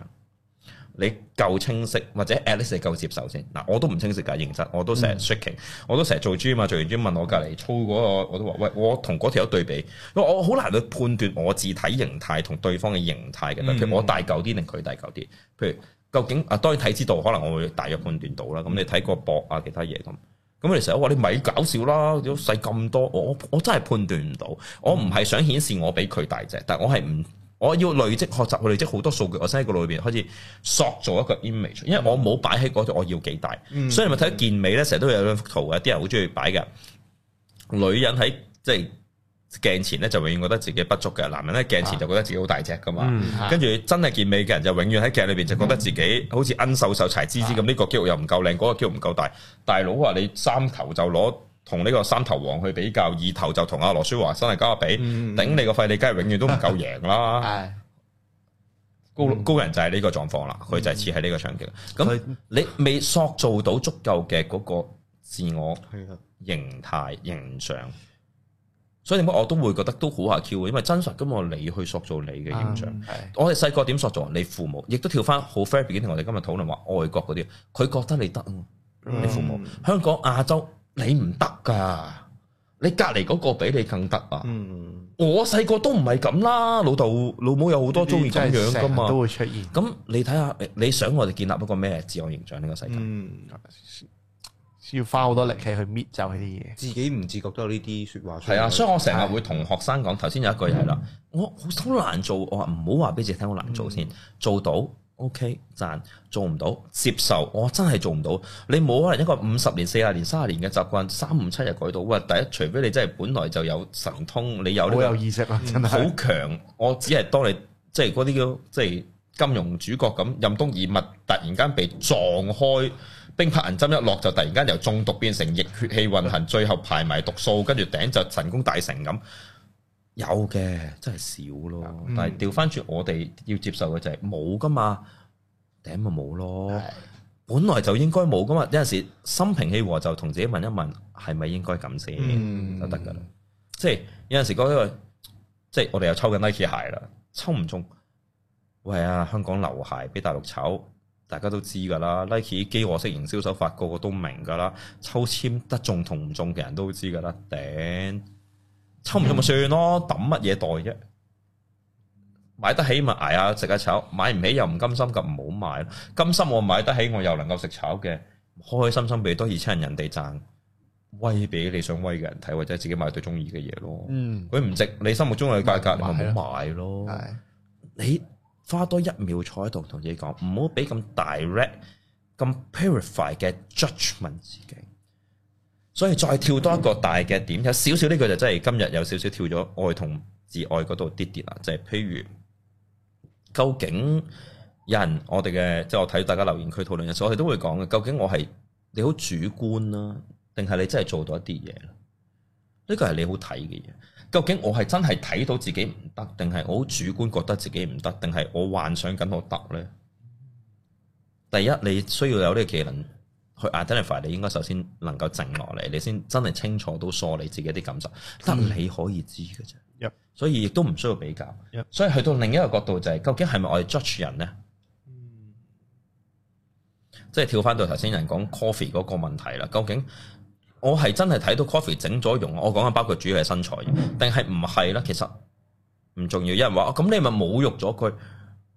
你夠清晰，或者 Alice 你夠接受先嗱，我都唔清晰㗎認真，我都成日 shaking，我都成日做 Gym 啊嘛，做完 Gym 問我隔離操嗰個，我都話喂，我同嗰條友對比，因為我好難去判斷我自體形態同對方嘅形態嘅，譬如我大嚿啲定佢大嚿啲，譬如究竟啊當然睇知道，可能我會大約判斷到啦，咁、嗯、你睇個膊啊其他嘢咁，咁你成日話你咪搞笑啦，咁細咁多，我我真係判斷唔到，我唔係想顯示我比佢大隻，但我係唔。我要累積學習，累積好多數據，我先喺個腦裏邊開始塑造一個 image。因為我冇擺喺嗰度，我要幾大，所以咪睇健美咧，成日都有幅圖啊，啲人好中意擺噶。女人喺即係鏡前咧，就永遠覺得自己不足嘅；男人咧鏡前就覺得自己好大隻噶嘛。跟住真係健美嘅人就永遠喺鏡裏邊就覺得自己好似奀瘦瘦、柴滋滋咁，呢個肌肉又唔夠靚，嗰個肌肉唔夠大。大佬話你三頭就攞。同呢個三頭王去比較，二頭就同阿羅舒華真係交下比，頂、嗯、你個肺，你梗係永遠都唔夠贏啦。高、嗯、高人就係呢個狀況啦，佢就係似喺呢個場景。咁、嗯、你未塑造到足夠嘅嗰個自我形態形象，所以點解我都會覺得都好阿 Q？因為真實咁我你去塑造你嘅形象，嗯、我哋細個點塑造你父母？亦都跳翻好 fair 嘅，我哋今日討論話外國嗰啲，佢覺得你得，你父母、嗯、香港亞洲。你唔得噶，你隔籬嗰個比你更得啊！嗯、我細個都唔係咁啦，老豆老母有好多中意咁樣噶嘛。都會出現。咁你睇下，你想我哋建立一個咩自我形象呢個世界？嗯，要花好多力氣去搣走呢啲嘢，自己唔自覺都有呢啲說話出嚟。係啊，所以我成日會同學生講，頭先的有一句係啦、嗯，我好難做。我話唔好話俾自己聽，我難做先、嗯、做到。O.K. 讚做唔到接受，我、哦、真係做唔到。你冇可能一個五十年、四十年、三十年嘅習慣，三五七日改到。喂、呃，第一除非你真係本來就有神通，你有呢、這個、有意識啦、啊，真係好強。我只係當你即係嗰啲叫即係金庸主角咁，任督二脈突然間被撞開，冰魄銀針一落就突然間由中毒變成逆血氣運行，最後排埋毒素，跟住頂就神功大成咁。有嘅，真係少咯。嗯、但係調翻轉，我哋要接受嘅就係冇噶嘛，頂咪冇咯。的本來就應該冇噶嘛。有陣時心平氣和就同自己問一問，係咪應該咁先，就得噶啦。即係有陣時覺、那、得、個，即係我哋又抽緊 Nike 鞋啦，抽唔中。喂啊，香港流鞋俾大陸炒，大家都知噶啦。Nike 飢餓式營銷手法，個個都明噶啦。抽簽得中同唔中嘅人都知噶啦，頂。抽唔抽咪算咯，抌乜嘢袋啫。買得起咪捱下食下炒，買唔起又唔甘心咁唔好買咯。甘心我買得起我又能夠食炒嘅，開開心心俾多二千人人哋賺，威俾你想威嘅人睇，或者自己買對中意嘅嘢咯。嗯，佢唔值你心目中嘅價格，唔好、嗯、買咯。係，你花多一秒坐喺度同自己講，唔好俾咁 direct、咁 purify 嘅 judgement 自己。所以再跳多一個大嘅點，有少少呢個就真係今日有少少跳咗愛同自愛嗰度啲啲啦。就係譬如，究竟有人我哋嘅，即係我睇大家留言區討論嘅時候，我哋都會講嘅。究竟我係你好主觀啦，定係你真係做到一啲嘢？呢個係你好睇嘅嘢。究竟我係真係睇到自己唔得，定係我好主觀覺得自己唔得，定係我幻想緊我得咧？第一，你需要有呢個技能。去 identify，你，你應該首先能夠靜落嚟，你先真係清楚到梳你自己啲感受，得你可以知嘅啫。嗯、所以亦都唔需要比較。嗯、所以去到另一個角度就係、是，究竟係咪我哋 judge 人咧？嗯、即係跳翻到頭先人講 coffee 嗰個問題啦。究竟我係真係睇到 coffee 整咗容，我講緊包括主要係身材，定係唔係咧？其實唔重要。有人話，咁、哦、你咪侮辱咗佢？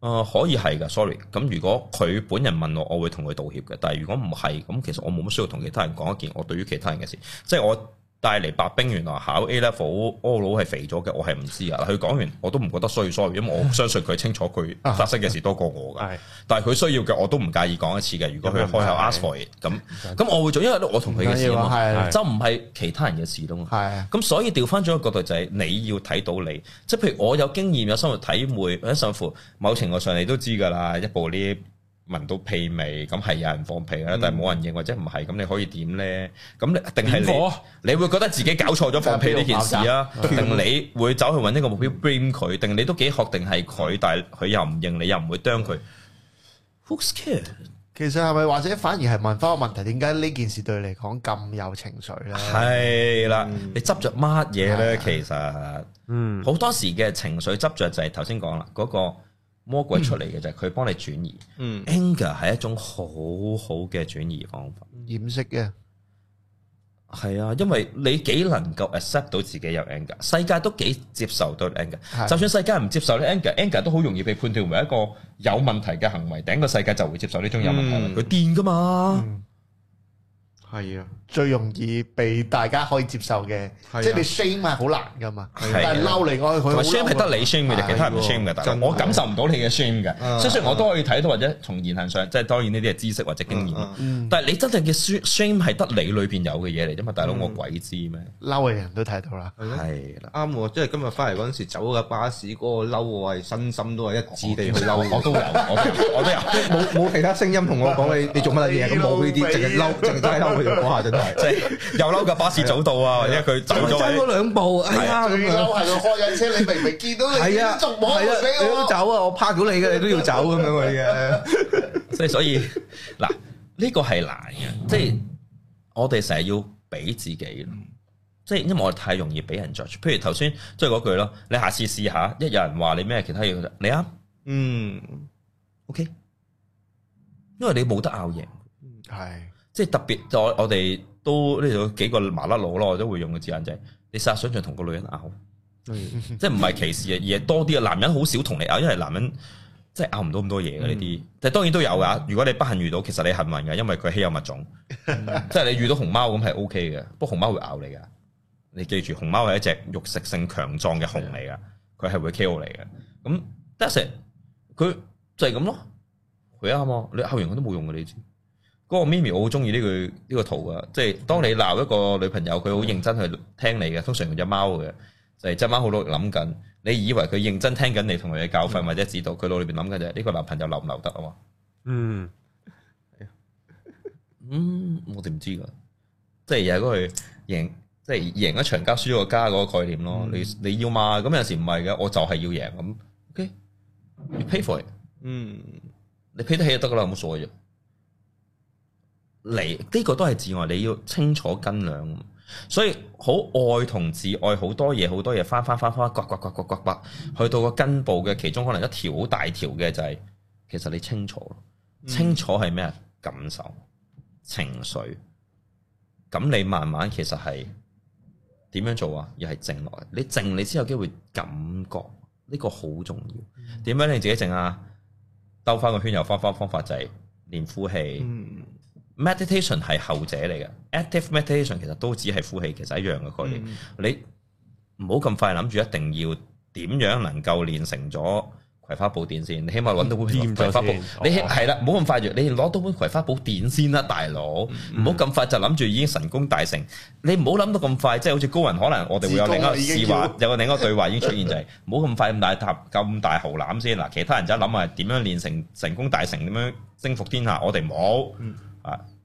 呃，可以係㗎，sorry。咁如果佢本人問我，我會同佢道歉嘅。但係如果唔係，咁其實我冇乜需要同其他人講一件我對於其他人嘅事，即係我。帶嚟白兵原來考 A level all 佬係肥咗嘅，我係唔知啊。佢講完我都唔覺得衰衰，因為我相信佢清楚佢發生嘅事多過我噶。啊啊、但係佢需要嘅我都唔介意講一次嘅。如果佢開口 ask for 嘢，咁咁我會做，因為我同佢嘅事嘛，就唔係其他人嘅事咯。係咁的，所以調翻咗個角度就係、是、你要睇到你，即係譬如我有經驗有生活體會，甚至乎某程度上你都知噶啦，一部呢。聞到屁味，咁係有人放屁啦，但係冇人認，或者唔係，咁你可以點呢？咁定係你你會覺得自己搞錯咗放屁呢件事啊？定你會走去揾呢個目標 blame 佢？定你都幾確定係佢，但係佢又唔認你，又唔會啄佢。Who cares？其實係咪或者反而係問翻個問題，點解呢件事對你嚟講咁有情緒呢？係啦，你執着乜嘢呢？其實，嗯，好多時嘅情緒執着就係頭先講啦，嗰個。魔鬼出嚟嘅就係佢幫你轉移、嗯、，anger 係一種好好嘅轉移方法，掩飾嘅係啊，因為你幾能夠 accept 到自己有 anger，世界都幾接受到 anger，的就算世界唔接受咧，anger，anger 都好容易被判斷為一個有問題嘅行為，頂個的世界就會接受呢種有問題，佢癲噶嘛，係啊、嗯。最容易被大家可以接受嘅，即係你 shame 係好難噶嘛，但係嬲嚟講佢，shame 係得你 shame 嘅嘢，其他人唔 shame 嘅。但我感受唔到你嘅 shame 嘅，所以我都可以睇到或者從言行上，即係當然呢啲係知識或者經驗。但係你真正嘅 shame 係得你裏邊有嘅嘢嚟啫嘛，大佬我鬼知咩？嬲嘅人都睇到啦，係啦，啱喎。即係今日翻嚟嗰陣時，走架巴士嗰個嬲，我係身心都係一致地去嬲，我都有，我都有，冇冇其他聲音同我講你做乜嘢，咁冇呢啲，淨係嬲，淨係嬲佢就講下即係 又嬲架巴士早到啊對，或者佢走咗，差嗰兩步，咁又係度開緊車，對你明明見到你係啊，仲唔俾我走啊？對我怕到你嘅，你都要走咁樣嘅。對對所以所以嗱，呢、這個係難嘅，對即係我哋成日要俾自己，即係因為我太容易俾人 judge 譬如頭先即係嗰句咯，你下次試下，一有人話你咩其他嘢，他你啊，嗯，OK，因為你冇得拗贏，係。對對即係特別，在我哋都呢度幾個麻甩佬咯，我都會用嘅字眼就係，你實上想像同個女人拗，即係唔係歧視啊，而係多啲嘅男人好少同你拗，因為男人即係拗唔到咁多嘢嘅呢啲。但係當然都有噶，如果你不幸遇到，其實你幸運嘅，因為佢稀有物種，即係你遇到熊貓咁係 OK 嘅，不過熊貓會咬你噶。你記住，熊貓係一隻肉食性強壯嘅熊嚟噶，佢係會 KO 你嘅。咁 Dash，佢就係咁咯，佢啱嘛，你拗完佢都冇用嘅，你知。嗰個咪咪我好中意呢個呢個圖噶，即係當你鬧一個女朋友，佢好認真去聽你嘅，通常用隻貓嘅，就係、是、隻貓好努力諗緊。你以為佢認真聽緊你同佢嘅教訓或者指導，佢腦裏邊諗嘅就係呢個男朋友留唔留得啊嘛？嗯，嗯，我哋唔知噶，即係日日都去贏，即係贏一場交，輸個家嗰個概念咯、嗯。你你要嘛？咁有時唔係嘅，我就係要贏咁。O K，你 pay for、it? 嗯，你 pay 得起、嗯、就得噶啦，冇所謂。嚟呢、這個都係自愛，你要清楚斤兩，所以好愛同自愛好多嘢好多嘢，翻翻翻翻，刮刮刮刮刮刮，刮，去到個根部嘅其中可能一條好大條嘅就係、是、其實你清楚，清楚係咩？感受情緒，咁你慢慢其實係點樣做啊？要係靜落嚟，你靜你先有機會感覺，呢、這個好重要。點樣你自己靜啊？兜翻個圈又翻翻方法就係練呼氣。嗯 Meditation 係後者嚟嘅，Active meditation 其實都只係呼氣，其實一樣嘅概念。嗯、你唔好咁快諗住一定要點樣能夠練成咗葵花寶典先，你起碼揾到本葵花寶，你係啦，唔好咁快住，你攞到本葵花寶典先啦、啊，大佬，唔好咁快就諗住已經神功大成。你唔好諗到咁快，即、就、係、是、好似高人可能我哋會有另一個對話，有個另一個對話已經出現 就係、是，唔好咁快咁大塔咁大喉攬先。嗱，其他人就諗下點樣練成成,成功大成點樣征服天下，我哋唔好。嗯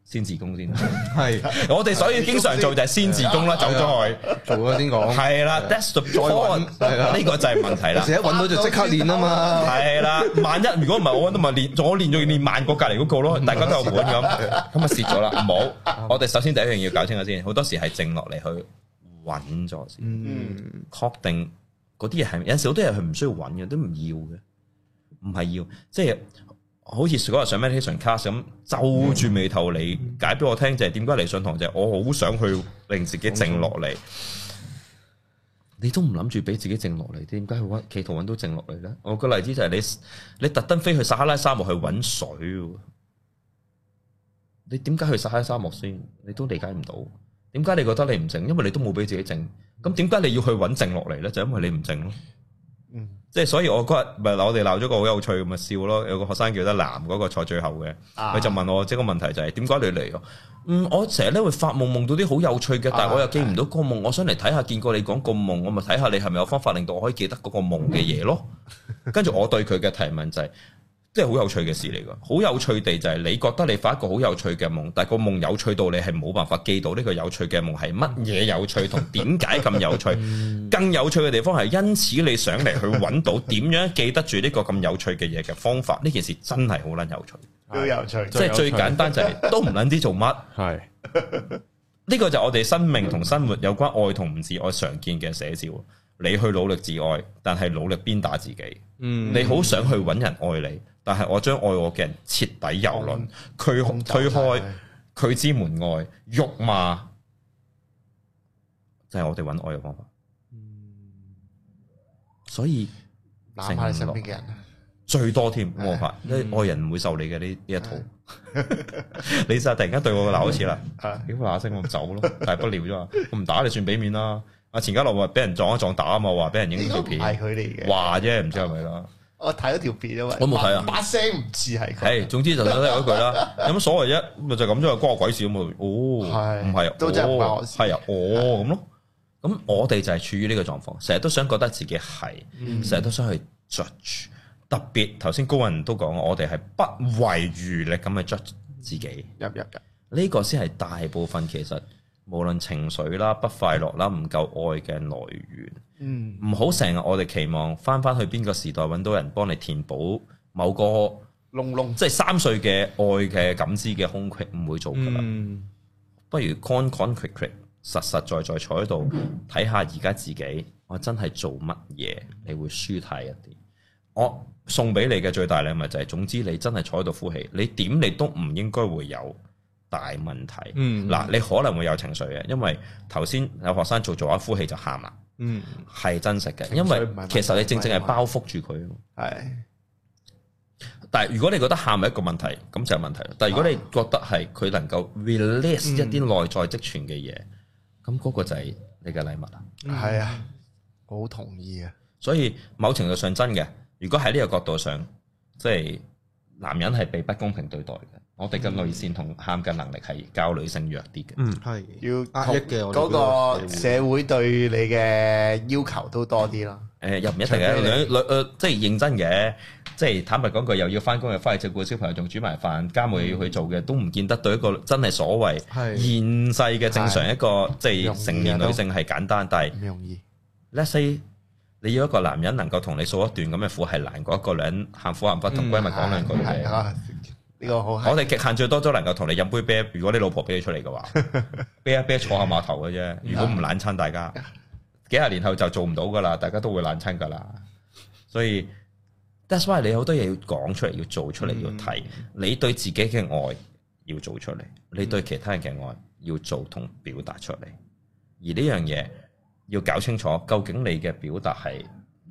先自攻先，係我哋所以經常做就係先自攻啦，走咗去做咗先講，係啦，that's the point，係啦，呢個就係問題啦。而家搵到就即刻練啊嘛，係啦，萬一如果唔係我搵到咪練，我練咗練萬個隔籬嗰個咯，大家都有本咁，今日蝕咗啦，唔好。我哋首先第一樣要搞清楚先，好多時係靜落嚟，去搵咗先，確定嗰啲嘢係，有時好多嘢係唔需要搵嘅，都唔要嘅，唔係要，即係。好似嗰日上 meditation class 咁，皺住眉頭嚟，解俾我聽，就係點解嚟上堂，就係我好想去令自己靜落嚟。你都唔諗住俾自己靜落嚟，點解去揾，企圖揾到靜落嚟咧？我個例子就係你，你特登飛去撒哈拉沙漠去搵水。你點解去撒哈拉沙漠先？你都理解唔到。點解你覺得你唔靜？因為你都冇俾自己靜。咁點解你要去穩靜落嚟咧？就因為你唔靜咯。即係所以我，我嗰日咪我哋鬧咗個好有趣咁咪笑咯。有個學生叫得男嗰、嗰個坐最後嘅，佢、啊、就問我：即係個問題就係點解你嚟？嗯，我成日咧會發夢，夢到啲好有趣嘅，但係我又記唔到個夢。我想嚟睇下，見過你講個夢，我咪睇下你係咪有方法令到我可以記得嗰個夢嘅嘢咯。跟住我對佢嘅提問就係、係。即係好有趣嘅事嚟㗎，好有趣地就係你覺得你發一個好有趣嘅夢，但係個夢有趣到你係冇辦法記到呢個有趣嘅夢係乜嘢有趣同點解咁有趣？ 更有趣嘅地方係因此你想嚟去揾到點樣記得住呢個咁有趣嘅嘢嘅方法。呢件事真係好撚有趣，好的有趣，即係最簡單就係、是、 都唔撚知做乜。係呢是的 個就係我哋生命同生活有關愛同唔自愛常見嘅寫照。你去努力自愛，但係努力鞭打自己。嗯，你好想去揾人愛你。但係我將愛我嘅人徹底蹂躪，拒推開拒之門外，辱罵，就係、是、我哋揾愛嘅方法。所以，哪怕你身邊嘅人最多添，冇法，的因為愛人唔會受的 你嘅呢呢一套。你實突然間對我嘅鬧一次啦，屌嗱一聲我走咯，大不了啫嘛， 我唔打你算俾面啦。阿錢嘉樂話俾人撞一撞打啊嘛，話俾人影照片，係佢哋嘅話啫，唔知係咪啦。我睇咗條片啊，我冇睇啊，把聲唔似係佢。係，總之就想聽嗰句啦，有乜 所謂啫？咪就咁、是、啫，關我鬼事咁啊？哦，係是，唔係是，都真係啊，哦，咁咯，咁我哋就係處於呢個狀況，成日都想覺得自己係，成日、嗯、都想去 judge。特別頭先高人都講，我哋係不遺餘力咁去 judge 自己，入入噶。呢個先係大部分，其實無論情緒啦、不快樂啦、唔夠愛嘅來源。嗯，唔好成日我哋期望翻翻去邊個時代揾到人幫你填補某個窿窿，龍龍即係三歲嘅愛嘅感知嘅空隙。唔會做噶啦。嗯，不如 con concrete concrete 實實在在在坐喺度睇下而家自己，我真係做乜嘢你會舒泰一啲。我送俾你嘅最大禮物就係、是，總之你真係坐喺度呼氣，你點你都唔應該會有大問題。嗯，嗱，你可能會有情緒嘅，因為頭先有學生做做下呼氣就喊啦。嗯，係真實嘅，因為其實你正正係包覆住佢。係、嗯，但係如果你覺得喊係一個問題，咁就係問題。但係如果你覺得係佢能夠 release 一啲內在積存嘅嘢，咁、嗯、嗰個就係你嘅禮物啦。係、嗯、啊，我好同意啊。所以某程度上真嘅，如果喺呢個角度上，即、就、係、是、男人係被不公平對待嘅。我哋嘅淚腺同喊嘅能力係較女性弱啲嘅。嗯，係要壓抑嘅。嗰個社會對你嘅要求都多啲啦。誒，又唔一定嘅。兩兩誒，即係認真嘅，即係坦白講句，又要翻工，又翻去照顧小朋友，仲煮埋飯，家務又要去做嘅，都唔見得對一個真係所謂現世嘅正常一個即係成年女性係簡單。但係唔容易。Let’s say 你要一個男人能夠同你訴一段咁嘅苦係難過一個女人喊苦喊忽同閨蜜講兩句係。呢個好。我哋極限最多都能夠同你飲杯啤，如果你老婆俾你出嚟嘅話， 啤一啤坐下碼頭嘅啫。如果唔懶親大家，幾廿年後就做唔到噶啦，大家都會懶親噶啦。所以 ，that's why 你好多嘢要講出嚟，要做出嚟，嗯、要睇。你對自己嘅愛要做出嚟，你對其他人嘅愛要做同表達出嚟。嗯、而呢樣嘢要搞清楚，究竟你嘅表達係。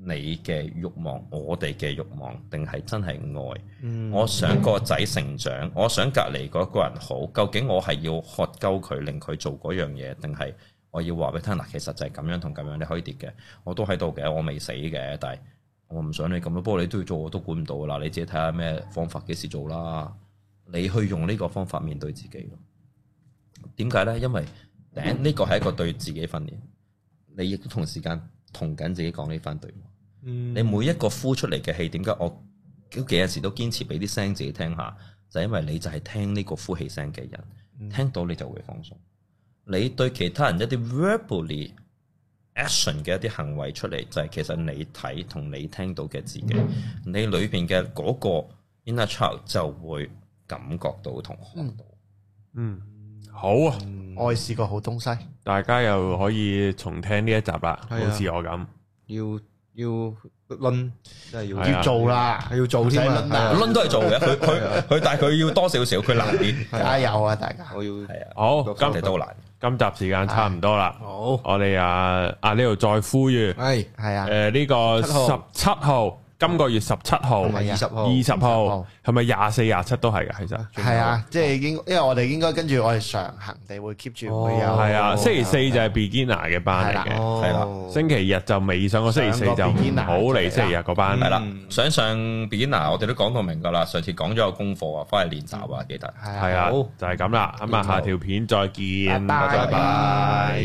你嘅欲望，我哋嘅欲望，定係真係愛？嗯、我想個仔成長，嗯、我想隔離嗰個人好。究竟我係要喝鳩佢，令佢做嗰樣嘢，定係我要話俾佢聽嗱？其實就係咁樣同咁樣，你可以跌嘅，我都喺度嘅，我未死嘅，但係我唔想你咁樣。不過你都要做，我都管唔到㗎啦。你自己睇下咩方法幾時做啦。你去用呢個方法面對自己咯。點解呢？因為呢個係一個對自己訓練，你亦都同時間同緊自己講呢番對話。你每一個呼出嚟嘅氣，點解我嗰幾日時都堅持俾啲聲自己聽下？就是、因為你就係聽呢個呼氣聲嘅人，聽到你就會放鬆。你對其他人一啲 verbally action 嘅一啲行為出嚟，就係、是、其實你睇同你聽到嘅自己，嗯、你裏邊嘅嗰個 inner child 就會感覺到同看到。嗯，好啊，愛是個好東西。大家又可以重聽呢一集啦，嗯、好似我咁要。要輪真係要要做啦，係要做先，輪都係做嘅。佢佢佢，但係佢要多少少，佢難啲。加油啊，大家！我要係啊，好。今嚟到難。今集時間差唔多啦，好。我哋啊啊呢度再呼籲，係係啊，誒，呢個十七號。今個月十七號、二十號、二十號，係咪廿四、廿七都係噶？其實係啊，即係已經，因為我哋應該跟住我哋常行地會 keep 住，係啊。星期四就係 Beginner 嘅班嚟嘅，係啦。星期日就未上過，我星期四就好，嚟星期日嗰班，係啦。想上 Beginner，我哋都講到明噶啦，上次講咗個功課啊，翻去練習啊，記得。係啊，好，就係咁啦，咁啊，下條片再見，拜拜。